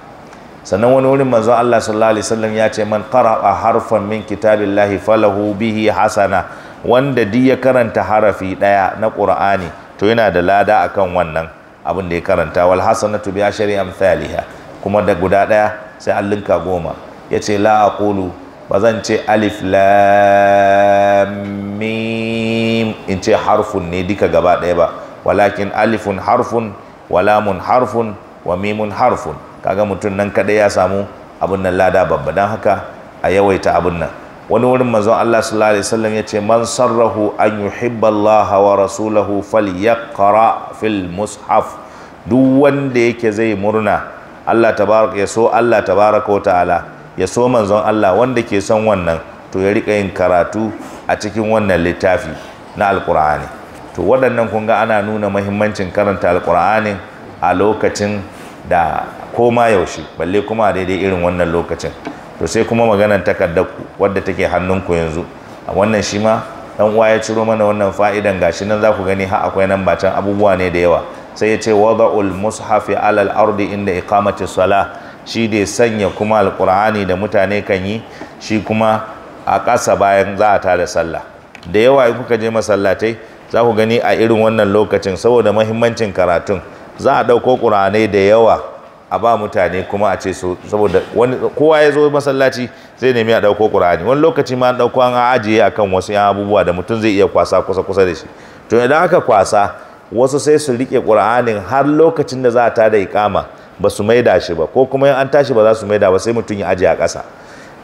S1: sannan wani wurin manzo Allah sallallahu alaihi wasallam ya ce man qara'a harfan min kitabillahi falahu bihi hasana wanda di ya karanta harafi daya na Qur'ani to yana da lada akan wannan abin da ya karanta wal hasanatu bi ashri amsalha kuma da guda daya sai an linka goma yace la aqulu bazan ce alif lam mim in ce harfun ne duka gaba daya ba walakin alifun harfun walamun harfun wa mimun harfun kaga mutum nan kaɗai ya samu abin nan lada babba don haka a yawaita abin nan wani wurin manzon Allah sallallahu alaihi wasallam ce man sarrahu an yuhibba Allah wa rasulahu falyaqra fil mushaf duk wanda yake zai murna Allah ya so Allah tabaraka wa ta'ala ya so manzon Allah wanda ke son wannan to ya rika yin karatu a cikin wannan littafi na alqur'ani to waɗannan kun ana nuna mahimmancin karanta alqur'ani a lokacin da ko ma yaushe balle kuma daidai irin wannan lokacin to sai kuma maganar takardar wadda take hannunku yanzu a wannan shi ma dan uwa ya ciro mana wannan fa'idan gashi nan za ku gani har akwai nan batan abubuwa ne da yawa sai ya ce wada'ul mushafi alal ardi inda iqamati sala shi da sanya kuma alkur'ani da mutane kan yi shi kuma a ƙasa bayan za a tada sallah da yawa in kuka je masallatai za ku gani a irin wannan lokacin saboda mahimmancin karatun za a ɗauko ƙur'anai da yawa a ba mutane kuma a ce su saboda wani kowa ya zo masallaci zai nemi a ɗauko ƙur'ani wani lokaci ma an ɗauko an ajiye akan wasu yan abubuwa da mutum zai iya kwasa kusa kusa da shi to idan aka kwasa wasu sai su riƙe ƙur'anin har lokacin da za a tada iƙama ba su maida shi ba ko kuma in an tashi ba za su maida ba sai mutum ya ajiye a ƙasa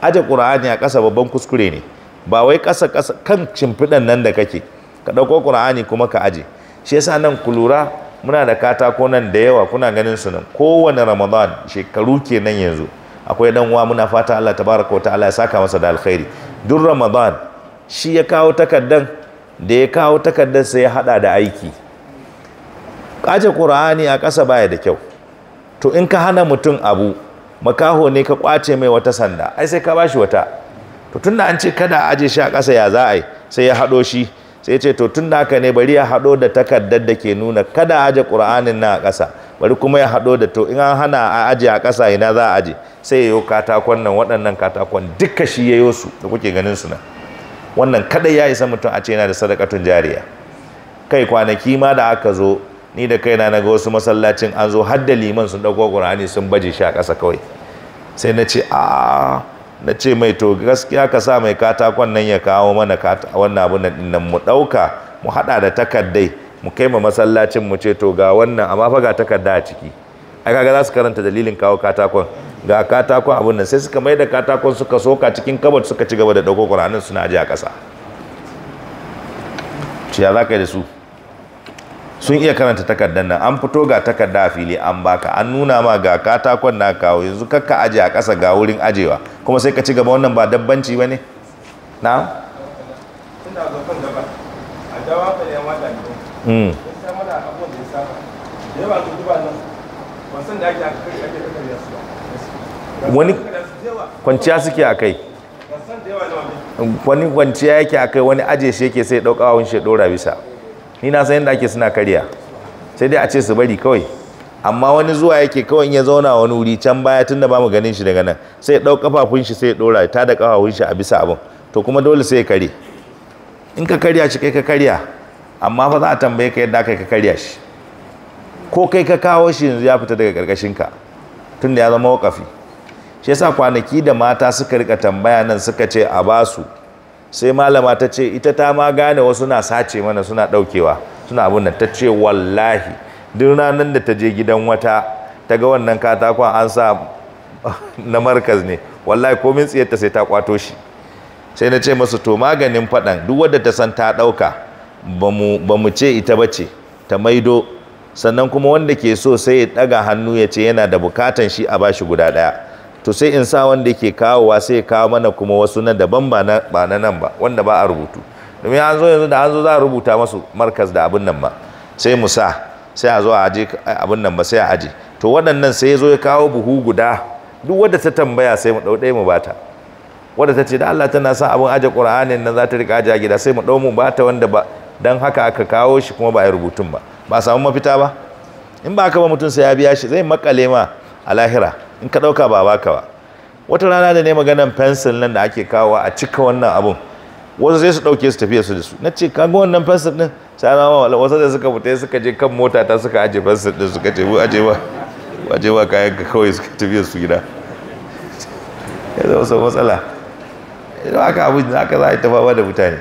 S1: aje ƙur'ani a ƙasa babban kuskure ne ba wai ƙasa ƙasa kan cimfiɗan nan da kake ka ɗauko ƙur'ani kuma ka aje shi yasa nan ku lura muna da katako nan da yawa kuna ganin su nan kowane ramadan shekaru ke nan yanzu akwai dan uwa muna fata Allah tabaraka wa ta'ala ya saka masa da alkhairi duk ramadan shi ya kawo takardan da ya kawo takardan sai ya hada da aiki kace qur'ani a kasa baya da kyau to in ka hana mutum abu makaho ne ka kwace mai wata sanda ai sai ka bashi wata to tunda an ce kada a aje shi a kasa ya za sai ya hado shi sai ce to tun da haka ne bari ya haɗo da takardar da ke nuna kada a aje ƙura'anin na a ƙasa bari kuma ya haɗo da to in an hana a aje a ƙasa ina za a aje sai yayo katakon nan waɗannan katakon duka shi yayo su da kuke ganin su nan wannan kada ya isa mutum a ce yana da sadakatun jariya kai kwanaki ma da aka zo ni da kaina na ga wasu masallacin an zo har da liman sun ɗauko ƙur'ani sun baje shi a ƙasa kawai sai na ce a na ce mai to gaskiya ka sa mai katakon nan ya kawo mana wannan abun nan mu ɗauka mu haɗa da takardai mu kai ma masallacin mu ce to ga wannan amma fa ga takarda a ciki ai kaga za su karanta dalilin kawo katakon ga katakon abun nan sai suka mai da katakon suka soka cikin kabar suka ci gaba da ɗauko ƙuranin suna ji a ƙasa ciya za ka yi da su sun iya karanta takardar nan an fito ga takarda a fili an baka an nuna ma ga katakon na kawo yanzu kakka aje a ƙasa ga wurin ajewa kuma sai ka ci gaba wannan ba dabbanci ba ne na hmm. wani kwanciya suke a kai wani kwanciya yake a kai wani aje shi yake sai ɗauka wani shi ɗora bisa ni na san yadda ake suna karya sai dai a ce su bari kawai amma wani zuwa yake kawai ya zauna wani wuri can baya tunda ba mu ganin shi daga nan sai ya ɗau kafafun shi sai ya ɗora ta da kafafun shi a bisa abin to kuma dole sai ya kare in ka karya shi kai ka karya amma fa za a tambaye ka yadda kai ka karya shi ko kai ka kawo shi yanzu ya fita daga karkashin ka tunda ya zama wakafi shi yasa kwanaki da mata suka rika tambaya nan suka ce a basu sai malama ta ce ita ta ma gane wasu na sace mana suna ɗaukewa suna abun nan ta ce wallahi duk ranar da ta je gidan wata ta ga wannan katakon an sa na markaz ne wallahi komin tsiyarta sai ta kwato shi sai na ce masu to maganin faɗan duk wadda ta san ta ɗauka ba mu ce ita ba ce ta maido sannan kuma wanda ke so sai ya ɗaga hannu ya ce yana da bukatan shi a bashi guda ɗaya to sai in sa wanda yake kawowa sai ya kawo mana kuma wasu na daban ba na nan ba wanda ba a rubutu domin an zo yanzu da an zo za a rubuta masu markas da abin nan ba sai mu sa sai a zo a aje abin nan ba sai a aje to waɗannan sai ya zo ya kawo buhu guda duk wadda ta tambaya sai mu ɗauɗe mu bata wadda ta ce da Allah tana sa abin aje ƙur'ani nan za ta rika aje a gida sai mu ɗau mu bata wanda ba dan haka aka kawo shi kuma ba a rubutun ba ba a samu mafita ba in ba ka ba mutum sai ya biya shi zai makale ma a lahira in ka ɗauka ba baka ba wata rana da ne maganan fensil nan da ake kawo a cika wannan abun wasu sai su ɗauke su tafiya su da su na ce ka ga wannan fensil ɗin sai na wasu da suka fita suka je kan mota ta suka aje fensil ɗin suka ce aje ba aje ba kayan ka kawai suka tafiya su gida ya zama sau matsala idan aka abu da aka za a yi tafawa da mutane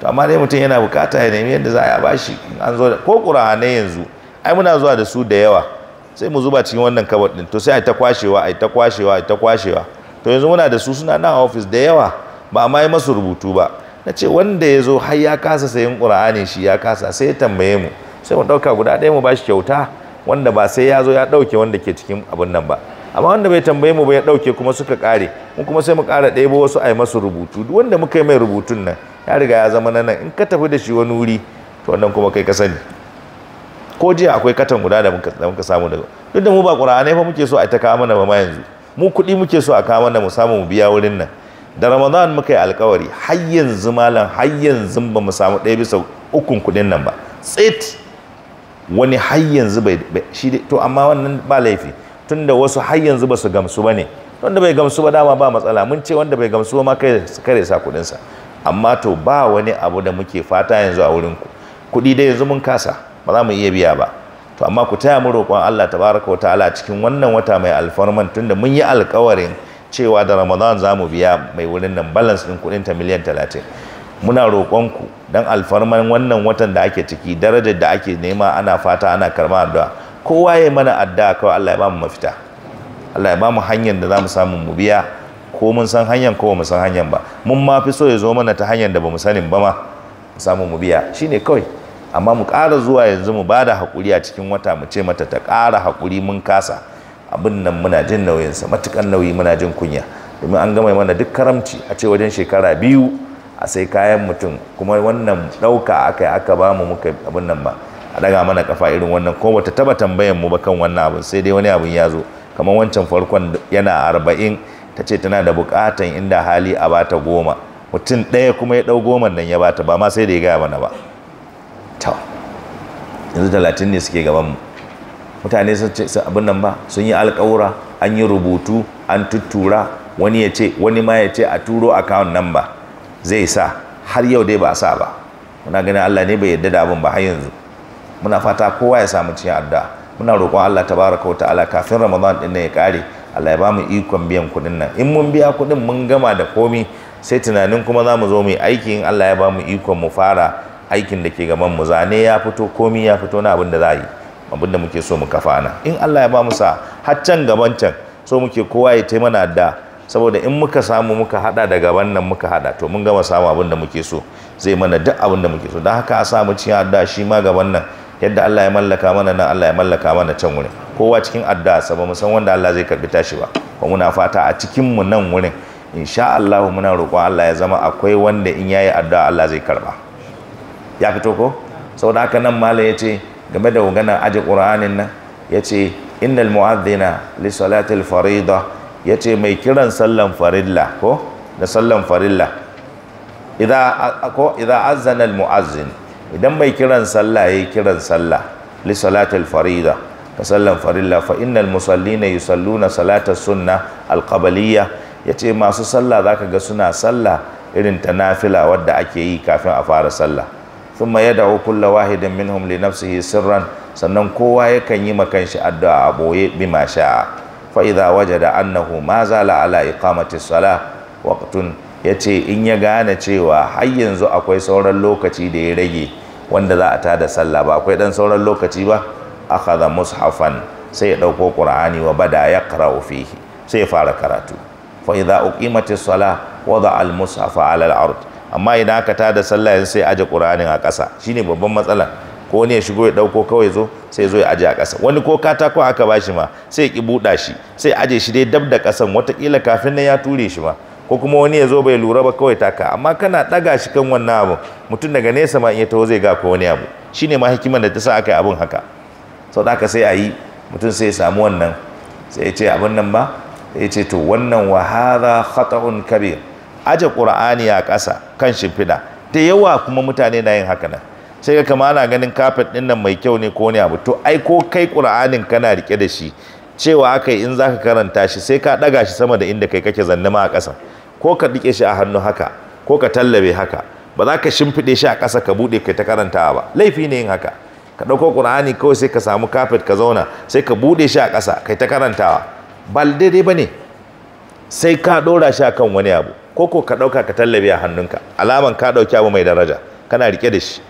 S1: to amma dai mutum yana bukata ya nemi yadda za a yi a bashi an zo da ko ƙura'anai yanzu ai muna zuwa da su da yawa sai mu zuba cikin wannan kabar din to sai ai ta kwashewa ai ta kwashewa ai ta kwashewa to yanzu muna da su suna nan a office da yawa ba ma yi masu rubutu ba na ce wanda ya zo har ya kasa sayin qur'ani shi ya kasa sai ya tambaye mu sai mu ɗauka guda ɗaya mu bashi kyauta wanda ba sai ya zo ya ɗauke wanda ke cikin abin nan ba amma wanda bai tambaye mu ba ya ɗauke kuma suka kare mu kuma sai mu kara daya ba wasu ai masu rubutu duk wanda muka yi mai rubutun nan ya riga ya zama nan in ka tafi da shi wani wuri to wannan kuma kai ka sani ko jiya akwai katan guda da muka samu daga duk da mu ba ne fa muke so a ta kawo mana ba yanzu mu kuɗi muke so a kawo mana mu samu mu biya wurin nan da ramadan muka yi alkawari har yanzu malam har yanzu ba mu samu ɗaya bisa ukun kuɗin nan ba tsit wani har yanzu bai shi to amma wannan ba laifi tunda wasu har yanzu ba su gamsu ba ne wanda bai gamsu ba dama ba matsala mun ce wanda bai gamsu ba ma kai su kare sa sa. amma to ba wani abu da muke fata yanzu a wurin ku kuɗi dai yanzu mun kasa ba za mu iya biya ba to amma ku taya mu roƙon Allah tabaraka wataala cikin wannan wata mai alfarman tunda mun yi alƙawarin cewa da Ramadan za mu biya mai wurin nan balance ɗin kuɗin ta miliyan talatin muna roƙon ku dan alfarman wannan watan da ake ciki darajar da ake nema ana fata ana karɓa addu'a kowa ya mana addu'a kawai Allah ya ba mu mafita Allah ya ba mu hanyar da za mu samu mu biya ko mun san hanyar ko mu san hanyar ba mun ma fi so ya zo mana ta hanyar da ba mu sanin ba ma mu samu mu biya shine kawai amma mu ƙara zuwa yanzu mu bada haƙuri a cikin wata mu ce mata ta ƙara haƙuri mun kasa abin nan muna jin nauyinsa matukan nauyi muna jin kunya domin an gama mana duk karamci a ce wajen shekara biyu a sai kayan mutum kuma wannan ɗauka aka yi aka bamu muka abin nan ba a daga mana kafa irin wannan ko bata taba tambayan mu ba kan wannan abin sai dai wani abin ya zo kamar wancan farkon yana arba'in ta ce tana da buƙatan inda hali a bata goma mutum ɗaya kuma ya ɗau goman nan ya bata ba ma sai da ya gaya mana ba to yanzu talatin ne suke gabanmu mutane sun ce abin nan ba sun yi alƙawura an yi rubutu an tuttura wani ya ce wani ma ya ce a turo account number zai sa har yau dai ba a sa ba muna ganin Allah ne bai yarda da abin ba har yanzu muna fata kowa ya samu cikin addu'a muna roƙon Allah tabaraka ta'ala kafin Ramadan din nan ya kare Allah ya bamu ikon biyan kuɗin nan in mun biya kuɗin mun gama da komi sai tunanin kuma za mu zo mu yi aiki in Allah ya bamu ikon mu fara aikin da ke gaban mu zane ya fito komi ya fito na abin da za a yi abin da muke so mu kafa ana in Allah ya ba mu sa har can gaban can so muke kowa ya taimana da saboda in muka samu muka hada da gaban nan muka hada to mun gama samu abin da muke so zai mana duk abin da muke so don haka a mu cin addu'a shi ma gaban nan yadda Allah ya mallaka mana nan Allah ya mallaka mana can wurin kowa cikin addu'a sa ba mu san wanda Allah zai karbi tashi ba kuma muna fata a cikin mu nan wurin insha Allah muna roƙon Allah ya zama akwai wanda in yayi addu'a Allah zai karba ya fito ko saboda haka nan malam ya ce game da wugana aji ƙur'anin nan ya ce innal mu'adzina, li salatil farida ya ce mai kiran sallan farilla ko da sallan farilla idan azzana al mu'azzin idan mai kiran sallah yayi kiran salla, li salatil farida ka sallan farilla fa innal musallina yusalluna salatas sunna al ya ce masu sallah zaka ga suna sallah irin ta nafila wadda ake yi kafin a fara sallah thumma yad'u kullu wahidin minhum li nafsihi sirran sannan kowa yakan yi makan shi addu'a a boye bima sha'a fa idza wajada annahu ma zala ala iqamati salah waqtun yace in ya gane cewa har yanzu akwai sauran lokaci da ya rage wanda za a tada sallah ba akwai dan sauran lokaci ba akhadha mushafan sai ya dauko qur'ani wa bada yaqra'u fihi sai ya fara karatu fa idza uqimatis salah wada al mushafa ala al ard amma idan aka ta da sallah yanzu sai aje qur'anin a ƙasa shine babban matsala ko wani ya shigo ya dauko kawai zo sai zo ya aje a ƙasa wani ko katako aka bashi ma sai ya ƙi buɗa shi sai aje shi dai dab da ƙasan watakila kafin nan ya ture shi ma ko kuma wani ya zo bai lura ba kawai taka amma kana ɗaga shi kan wannan abu mutum daga nesa ma in ya taho zai ga ko wani abu shine ma hikimar da ta sa aka yi abun haka sau da ka sai a yi mutum sai ya samu wannan sai ya ce abin nan ba ya ce to wannan hadha khata'un kabir aje qur'ani a ƙasa kan shimfiɗa da yawa kuma mutane na yin haka nan sai ga kama ana ganin kafet ɗin nan mai kyau ne ko ne abu to ai ko kai qur'anin kana rike da shi cewa aka in zaka karanta shi sai ka ɗaga shi sama da inda kai kake zanne ma a ƙasa ko ka rike shi a hannu haka ko ka tallabe haka ba za ka shimfiɗe shi a ƙasa ka buɗe kai ta karantawa ba laifi ne yin haka ka ɗauko ƙur'ani kawai sai ka samu kafet ka zauna sai ka buɗe shi a ƙasa kai ta karantawa ba daidai ba ne sai ka ɗora shi a kan wani abu ko ko ka ɗauka ka tallabe a hannunka alaman ka ɗauki abu mai daraja kana rike da shi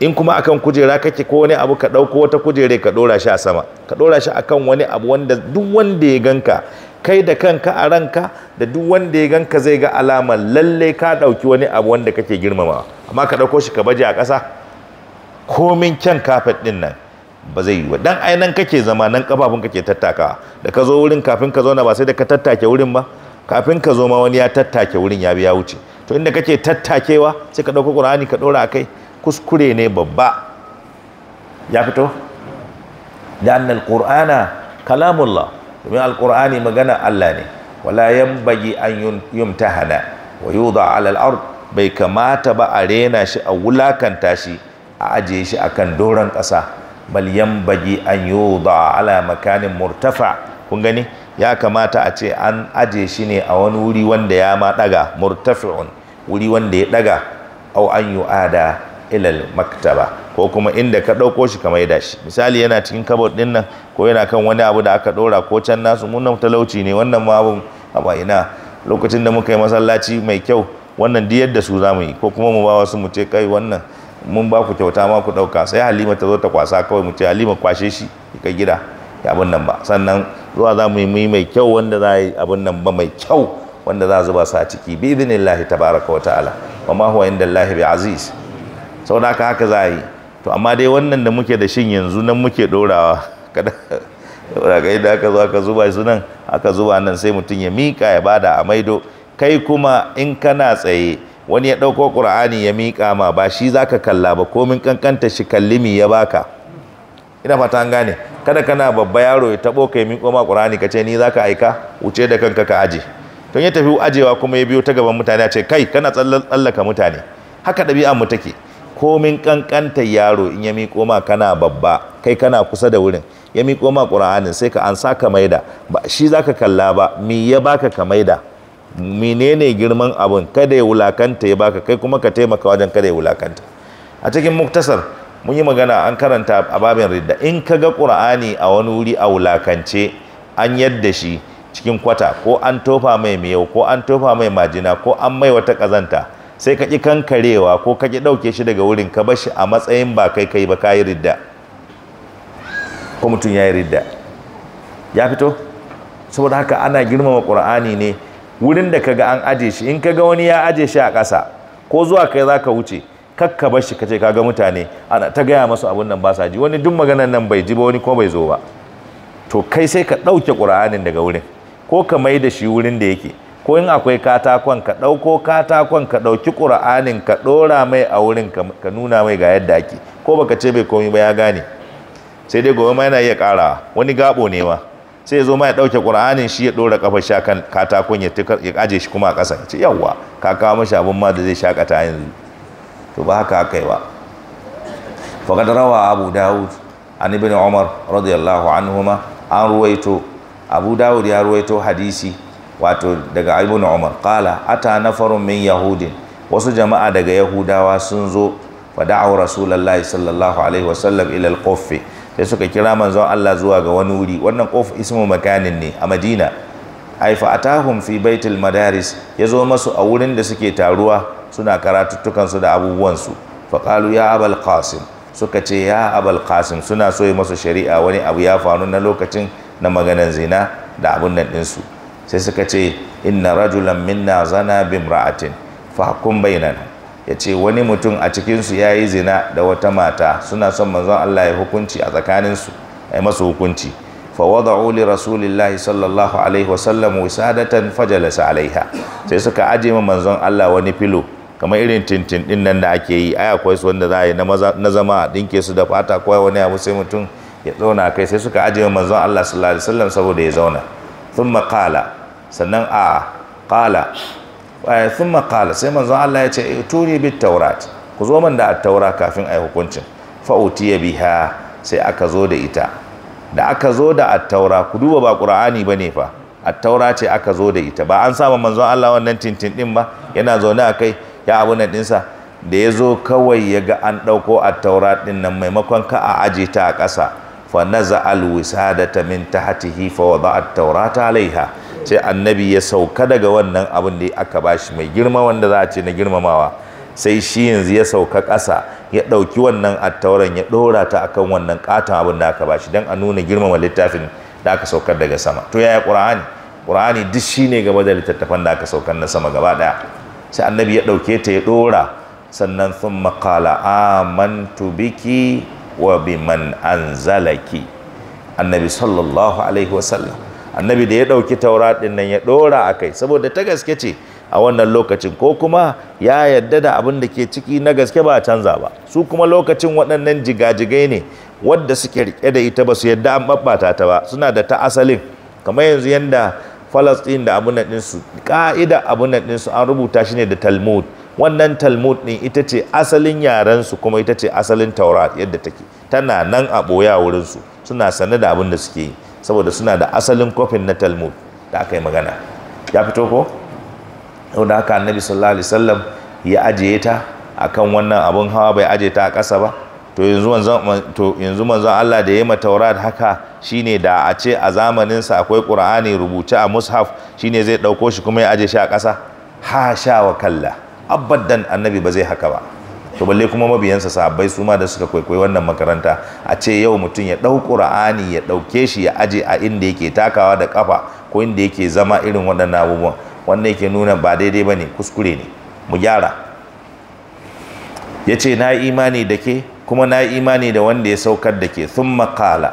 S1: in kuma akan kujera kake ko wani abu ka ɗauko wata kujere ka ɗora shi a sama ka ɗora shi akan wani abu wanda duk wanda ya ganka kai da kanka a ranka da duk wanda ya ganka zai ga alaman lalle ka ɗauki wani abu wanda kake girmamawa amma ka ɗauko shi ka baje a ƙasa komin kyan kafet ɗin nan ba zai yi ba dan ai kake zama nan kafafun kake tattakawa da ka zo wurin kafin ka zauna ba sai da ka tattake wurin ba kafin ka zoma wani ya tattake wurin ya bi ya wuce to inda kake tattakewa sai ka ɗauko ƙur'ani ka ɗora a kai kuskure ne babba ya fito da annal qur'ana kalamullah domin alqur'ani magana Allah ne wala yanbaghi an yumtahana wa yuda ala al-ard bai kamata ba a rena shi a wulakanta shi a ajiye shi akan doron ƙasa bal yanbaghi an yuda ala makanin murtafa kun gani ya kamata a ce an aje shi ne a wani wuri wanda ya ma daga murtafi'un wuri wanda ya daga au an yu'ada ilal maktaba ko kuma inda ka ɗauko shi ka maida shi misali yana cikin kabod ɗin nan ko yana kan wani abu da aka ɗora ko can nasu mun talauci ne wannan ma abu a ina lokacin da muka yi masallaci mai kyau wannan diyar da su zamu yi ko kuma mu ba wasu mu ce kai wannan mun ba ku kyauta ma ku ɗauka sai halima ta zo ta kwasa kawai mu ce halima kwashe shi ka gida abin nan ba sannan zuwa za mu yi mai kyau wanda za yi abin nan ba mai kyau wanda za zuba su a ciki bi ta baraka wa ta'ala wa ma huwa inda lahi bi aziz sau da haka haka za a yi to amma dai wannan da muke da shin yanzu nan muke dorawa kada yadda aka zo aka zuba su nan aka zuba nan sai mutum ya miƙa ya bada a kai kuma in kana tsaye wani ya ɗauko ƙur'ani ya miƙa ma ba shi za ka kalla ba komin ƙanƙanta shi kallimi ya baka ina fata an gane kada kana babba yaro ya tabo kai miƙo ma Qur'ani ka ce ni zaka aika wuce da kanka ka aje don ya tafi ajewa kuma ya biyo ta gaban mutane a ce kai kana tsallaka mutane haka ɗabi'a mu take komin kankantar yaro in ya miƙo ma kana babba kai kana kusa da wurin ya miƙo ma ƙura'anin sai ka ansa ka maida ba shi zaka kalla ba me ya baka ka maida menene girman abin kada ya wulakanta ya baka kai kuma ka taimaka wajen kada ya wulakanta a cikin muktasar mun yi magana an karanta a babin ridda in ka ga qur'ani a wani wuri a wulakance an yadda shi cikin kwata ko an tofa mai miyau ko an tofa mai majina ko an mai wata ƙazanta sai ka ƙi kankarewa ko ka ƙi ɗauke shi daga wurin ka bashi a matsayin ba kai kai ba ridda ko mutum ya yi ridda ya fito saboda haka ana girmama qur'ani ne wurin da ka ga an aje shi in ga wani ya aje shi a ƙasa ko zuwa kai za ka wuce kakka bar shi kace kaga mutane ana ta gaya masu abun nan ba sa ji wani duk maganar nan bai ji ba wani ko bai zo ba to kai sai ka ɗauke ƙur'anin daga wurin ko ka mai da shi wurin da yake ko in akwai katakon ka ɗauko katakon ka ɗauki ƙur'anin ka ɗora mai a wurin ka nuna mai ga yadda ake ko baka ce bai komai ba ya gane sai dai gobe ma yana iya ƙara wani gaɓo ne ma sai ya zo ma ya ɗauke ƙur'anin shi ya ɗora ƙafar sha kan katakon ya aje shi kuma a ƙasa ya ce yawwa ka kawo mashi abin ma da zai shakata yanzu to ba haka aka yi ba faqad rawa abu dawud an ibn umar radiyallahu anhuma an ruwaito abu dawud ya ruwaito hadisi wato daga ibn umar qala ata nafarun min yahudin wasu jama'a daga yahudawa sun zo fada'u rasulullahi sallallahu alaihi wasallam ila al-quff sai suka kira manzon Allah zuwa ga wani wuri wannan quff ismu makanin ne a madina aifa a Tahun fi baitul madaris zo masu a wurin da suke taruwa suna karatuttukansu da abubuwansu faƙalu ya abal qasim suka ce ya abal qasim suna so yi masu shari'a wani abu ya faru na lokacin na maganan zina da abun nan ɗinsu sai suka ce inna rajulan minna zana bimra'atin hukum bainana ya ce wani mutum a cikinsu ya yi zina da wata mata suna son manzon Allah ya hukunci a tsakanin su ai masu hukunci Fa wada'u li rasulillahi sallallahu alaihi wasallam wisadatan fajalasa alaiha sai suka aje ma manzon Allah wani filo kamar irin tintin din nan da ake yi ai akwai su wanda za a yi na zama a dinke su da fata ko wani abu sai mutum ya zauna kai sai suka ajiye manzon Allah sallallahu alaihi wasallam saboda ya zauna thumma qala sannan a qala eh, thumma qala sai manzon Allah ya ce eh, turi bit taurat ku zo man da taura kafin ai hukuncin fa utiya biha sai aka zo da ita da aka zo da at-taura ku duba ba qur'ani bane fa at-taura ce aka zo da ita ba an saba manzon Allah wannan tintin din ba yana zaune a kai ya abu na dinsa da ya zo kawai ya ga an ɗauko a taura ɗin nan maimakon ka a aji ta a ƙasa fa naza ta min tahtihi fa wada at-taurata alaiha ce annabi ya sauka daga wannan abin da aka bashi mai girma wanda za a ce na girmamawa sai shi yanzu ya sauka ƙasa ya ɗauki wannan attauran ya ɗora ta akan wannan ƙaton abin da aka bashi don a nuna girmama littafin da aka saukar daga sama to yaya ƙur'ani ƙur'ani duk shine gaba da littattafan da aka saukar na sama gaba ɗaya sai annabi ya dauke ta ya dora. sannan sun makala amantu biki wa biman anzalaki annabi sallallahu alaihi wasallam annabi da ya dauki taura nan ya dora a kai saboda ta gaske ce a wannan lokacin ko kuma ya yadda da abin da ke ciki na gaske ba canza ba su kuma lokacin waɗannan jigajigai ne wadda suke rike da ita ba su yadda an ɓaɓɓata ta ba suna da ta asalin kamar yanzu yadda falastin da abin nan ɗinsu ƙa'ida abun nan ɗinsu an rubuta shi ne da talmud wannan talmud ɗin ita ce asalin yarensu kuma ita ce asalin taurat yadda take tana nan a ɓoya wurinsu suna sane da abin da suke yi saboda suna da asalin kofin na talmud da aka yi magana ya fito ko yau da haka annabi sallallahu alaihi wasallam ya ajiye ta akan wannan abin hawa bai ajiye ta a ƙasa ba to yanzu manzon Allah da ya ma taurat haka shine da a ce a zamanin sa akwai qur'ani rubuce a mushaf ne zai ɗauko shi kuma ya aje shi a ƙasa ha sha wa kalla Dan annabi ba zai haka ba to balle kuma mabiyansa sahabbai su ma da suka kwaikwayi wannan makaranta a ce yau mutum ya ɗau qur'ani ya ɗauke shi ya aje a inda yake takawa da kafa ko inda yake zama irin waɗannan abubuwan wannan yake nuna ba daidai ba bane kuskure ne mu gyara yace na imani da ke kuma na imani da wanda ya saukar da ke thumma qala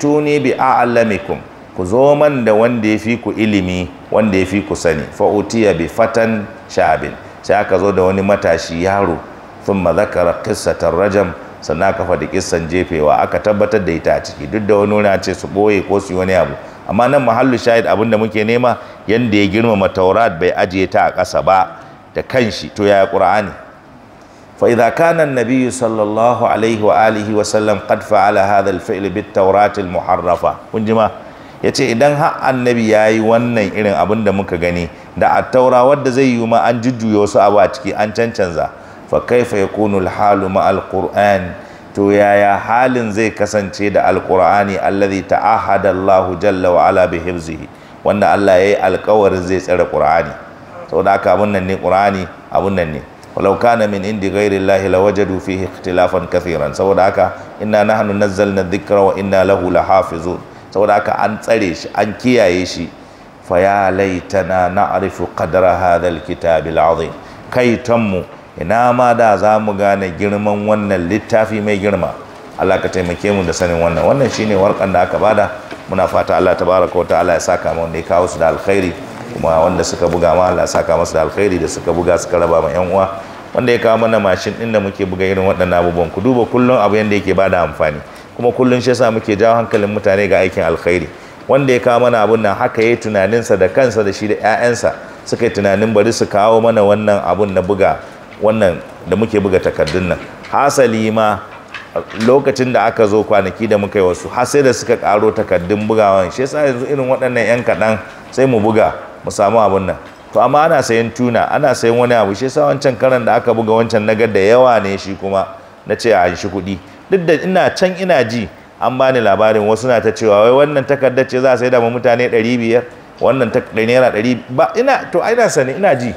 S1: tuni bi a'lamikum ku zo man da wanda ya fi ku ilimi wanda ya fi ku sani fa'utiya bi fatan sha'abin sai aka zo da wani matashi yaro ma zakara rajam sannan aka faɗi kissan jefewa aka tabbatar da ita a ciki duk da wani wani ce su ɓoye ko su yi wani abu amma nan muhallu shahid abin da muke nema yanda ya girmama taurat bai ajiye ta a ƙasa ba da kanshi to yaya ƙur'ani فإذا كان النبي صلى الله عليه وآله وسلم قد فعل هذا الفعل بالتوراة yace idan har annabi yayi wannan irin abin da muka gani da attaura wadda zai yiwu ma an jujjuya wasu abu a ciki an cancanza fa kaifa yakunu alhalu ma alquran to yaya halin zai kasance da Alƙur'ani allazi ta Allahu jalla wa ala bi hifzihi wanda Allah yayi alƙawarin zai tsare qur'ani saboda haka abun nan ne qur'ani abun nan ne walau kana min indi ghairi llahi lawajadu fihi ikhtilafan kathiran saboda haka inna nahnu nazzalna dhikra wa inna lahu lahafizun saboda haka an tsare shi an kiyaye shi fa ya laitana na'rifu qadra hadha alkitab alazim kai tammu ina ma da za mu gane girman wannan littafi mai girma Allah ka taimake mu da sanin wannan wannan shine warkan da aka bada muna fata Allah tabaraka wa ta'ala ya saka mu ne kawo su da alkhairi kuma wanda suka buga ma Allah saka masu da alkhairi da suka buga suka raba ma yan uwa wanda ya kawo mana mashin din da muke buga irin waɗannan abubuwan ku duba kullun abu yanda yake bada amfani kuma kullun shi yasa muke jawo hankalin mutane ga aikin alkhairi wanda ya kawo mana abun nan haka yayi tunaninsa da kansa da shi da ƴaƴansa suka yi tunanin bari su kawo mana wannan abun na buga wannan da muke buga takardun nan hasali ma lokacin da aka zo kwanaki da muka yi wasu har sai da suka karo takardun bugawan shi yasa yanzu irin waɗannan 'yan kaɗan sai mu buga mu samu abun nan to amma ana sayan tuna ana sayan wani abu shi yasa wancan karan da aka buga wancan nagar da yawa ne shi kuma na ce a shi kuɗi duk da ina can ina ji an bani labarin wasu na ta cewa wai wannan takarda ce za a sai da mutane ɗari wannan ta naira ɗari ba ina to ina sani ina ji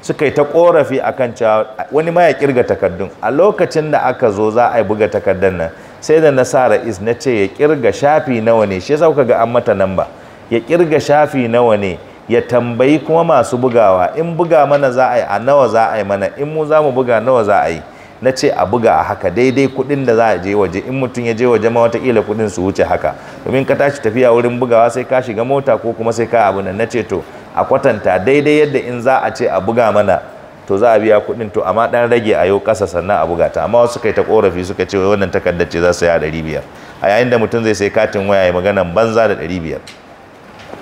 S1: suka yi ta korafi akan cewa wani ma ya kirga takardun a lokacin da aka zo za a buga takardar nan sai da na sa ra'is na ce ya kirga shafi nawa ne shi yasa kuka ga an mata namba ya kirga shafi nawa ne ya tambayi kuma masu bugawa in buga mana za a yi a nawa za a yi mana in mu za mu buga nawa za a yi na ce a buga a haka daidai kuɗin da za a je waje in mutum ya je waje ma watakila kuɗin su wuce haka domin ka tashi tafiya wurin bugawa sai ka shiga mota ko kuma sai ka abu nan na ce to a kwatanta daidai yadda in za a ce a buga mana to za a biya kuɗin to amma ɗan rage a yau ƙasa sannan a buga ta amma wasu kai ta ƙorafi suka ce wannan takardar ce za su yi a ɗari biyar a yayin da mutum zai sai katin waya ya maganan banza da ɗari biyar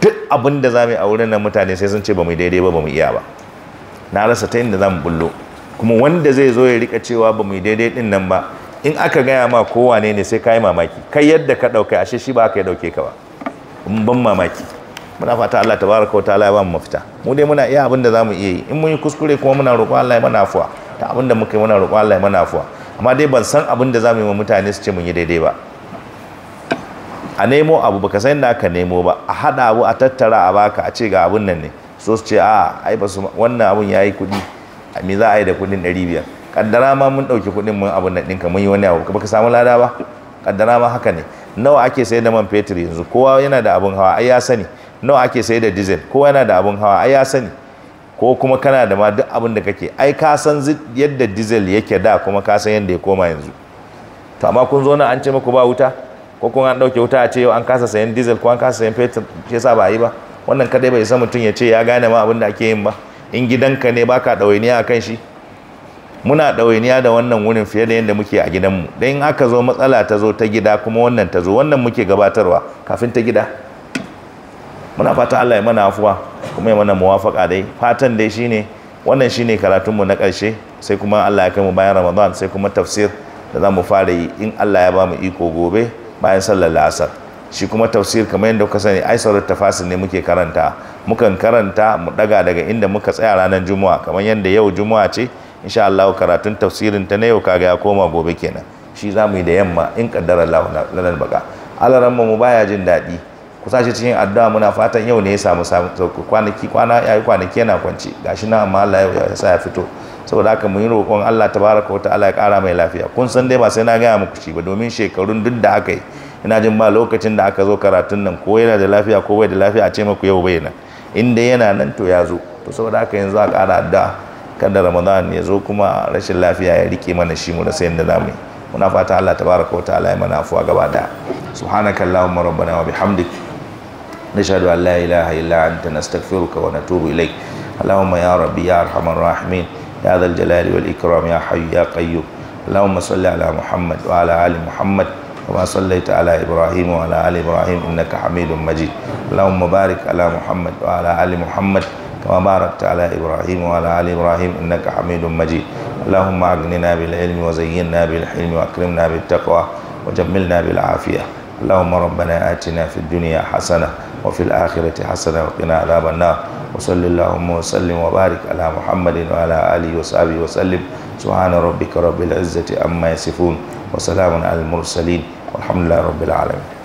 S1: duk abin da za mu yi a wurin nan mutane sai sun ce ba mu daidai ba ba mu iya ba na rasa ta inda za mu bullo kuma wanda zai zo ya rika cewa ba mu daidai din nan ba in aka gaya ma kowa ne sai ka yi mamaki kai yadda ka ɗauka ashe shi ba ka yi ɗauke ka ba ban mamaki muna fata Allah ta baraka wa ta'ala ya ba mu mafita mu dai muna iya abin da za mu iya yi in mun yi kuskure kuma muna roƙo Allah ya mana afuwa ta abin da muka yi muna roƙo Allah ya mana afuwa amma dai ban san abin da za mu yi wa mutane su ce mun yi daidai ba a nemo abu baka san da aka nemo ba a hada abu a tattara a baka a ce ga abun nan ne so su ce a ai ba su wannan abun yayi kuɗi me za a yi da kuɗin 500 kaddara ma mun ɗauki kuɗin mun abun nan ɗinka mun yi wani abu baka samu lada ba kaddara ma haka ne nawa ake sayar da man fetur yanzu kowa yana da abun hawa ai ya sani nawa ake sayar da diesel kowa yana da abun hawa ai ya sani ko kuma kana da ma duk abin da kake ai ka san yadda diesel yake da kuma ka san yadda ya koma yanzu to amma kun zo nan an ce muku ba wuta ko kuma an ɗauke wuta a ce yau an kasa sayan diesel ko an kasa sayan fetur shi yasa ba yi ba wannan kadai bai san mutum ya ce ya gane ma abin da ake yin ba in gidanka ne baka ɗawainiya a kan shi muna ɗawainiya da wannan wurin fiye da yadda muke a gidanmu don in aka zo matsala ta zo ta gida kuma wannan ta zo wannan muke gabatarwa kafin ta gida muna fata Allah ya mana afuwa kuma ya mana muwafaka dai fatan dai shine wannan shine karatunmu na karshe sai kuma Allah ya kai mu bayan Ramadan sai kuma tafsir da za mu fara yi in Allah ya ba mu iko gobe bayan sallar la'asar shi kuma tafsir kamar yadda kuka sani ai sauran tafasir ne muke karanta mukan karanta mu daga daga inda muka tsaya ranar juma'a kamar yadda yau juma'a ce insha Allah karatun tafsirin ta na yau kaga ya koma gobe kenan shi zamu yi da yamma in kaddara Allah lanar baka alaran mu baya jin daɗi kusa shi cikin addu'a muna fatan yau ne ya samu kwanaki kwana yayi kwanaki yana kwance gashi na amma Allah ya sa ya fito saboda haka mu yi roƙon Allah tabaraka wa ta'ala ya kara mai lafiya kun san dai ba sai na gaya muku shi ba domin shekarun duk da aka yi ina jin ba lokacin da aka zo karatun nan ko yana da lafiya ko bai da lafiya a ce maku yau bai nan in dai yana nan to ya zo to saboda haka yanzu a kara da kada ramadan ya zo kuma rashin lafiya ya rike mana shi mu da sai inda zamu yi muna fata Allah tabaraka wa ta'ala ya mana afuwa gaba da subhanaka allahumma rabbana wa bihamdik نشهد an لا ilaha illa anta نستغفرك ونتوب natubu اللهم يا ya rabbi ya arhamar يا ذا الجلال والإكرام يا حي يا قيوم اللهم صل على محمد وعلى آل محمد كما صليت على إبراهيم وعلى آل إبراهيم إنك حميد مجيد اللهم بارك على محمد وعلى آل محمد كما باركت على إبراهيم وعلى آل إبراهيم إنك حميد مجيد اللهم أغننا بالعلم وزينا بالحلم وأكرمنا بالتقوى وجملنا بالعافية اللهم ربنا آتنا في الدنيا حسنة وفي الآخرة حسنة وقنا عذاب النار وصل اللهم وسلم وبارك على محمد وعلى آله وصحبه وسلم سبحان ربك رب العزة أما يصفون وسلام على المرسلين والحمد لله رب العالمين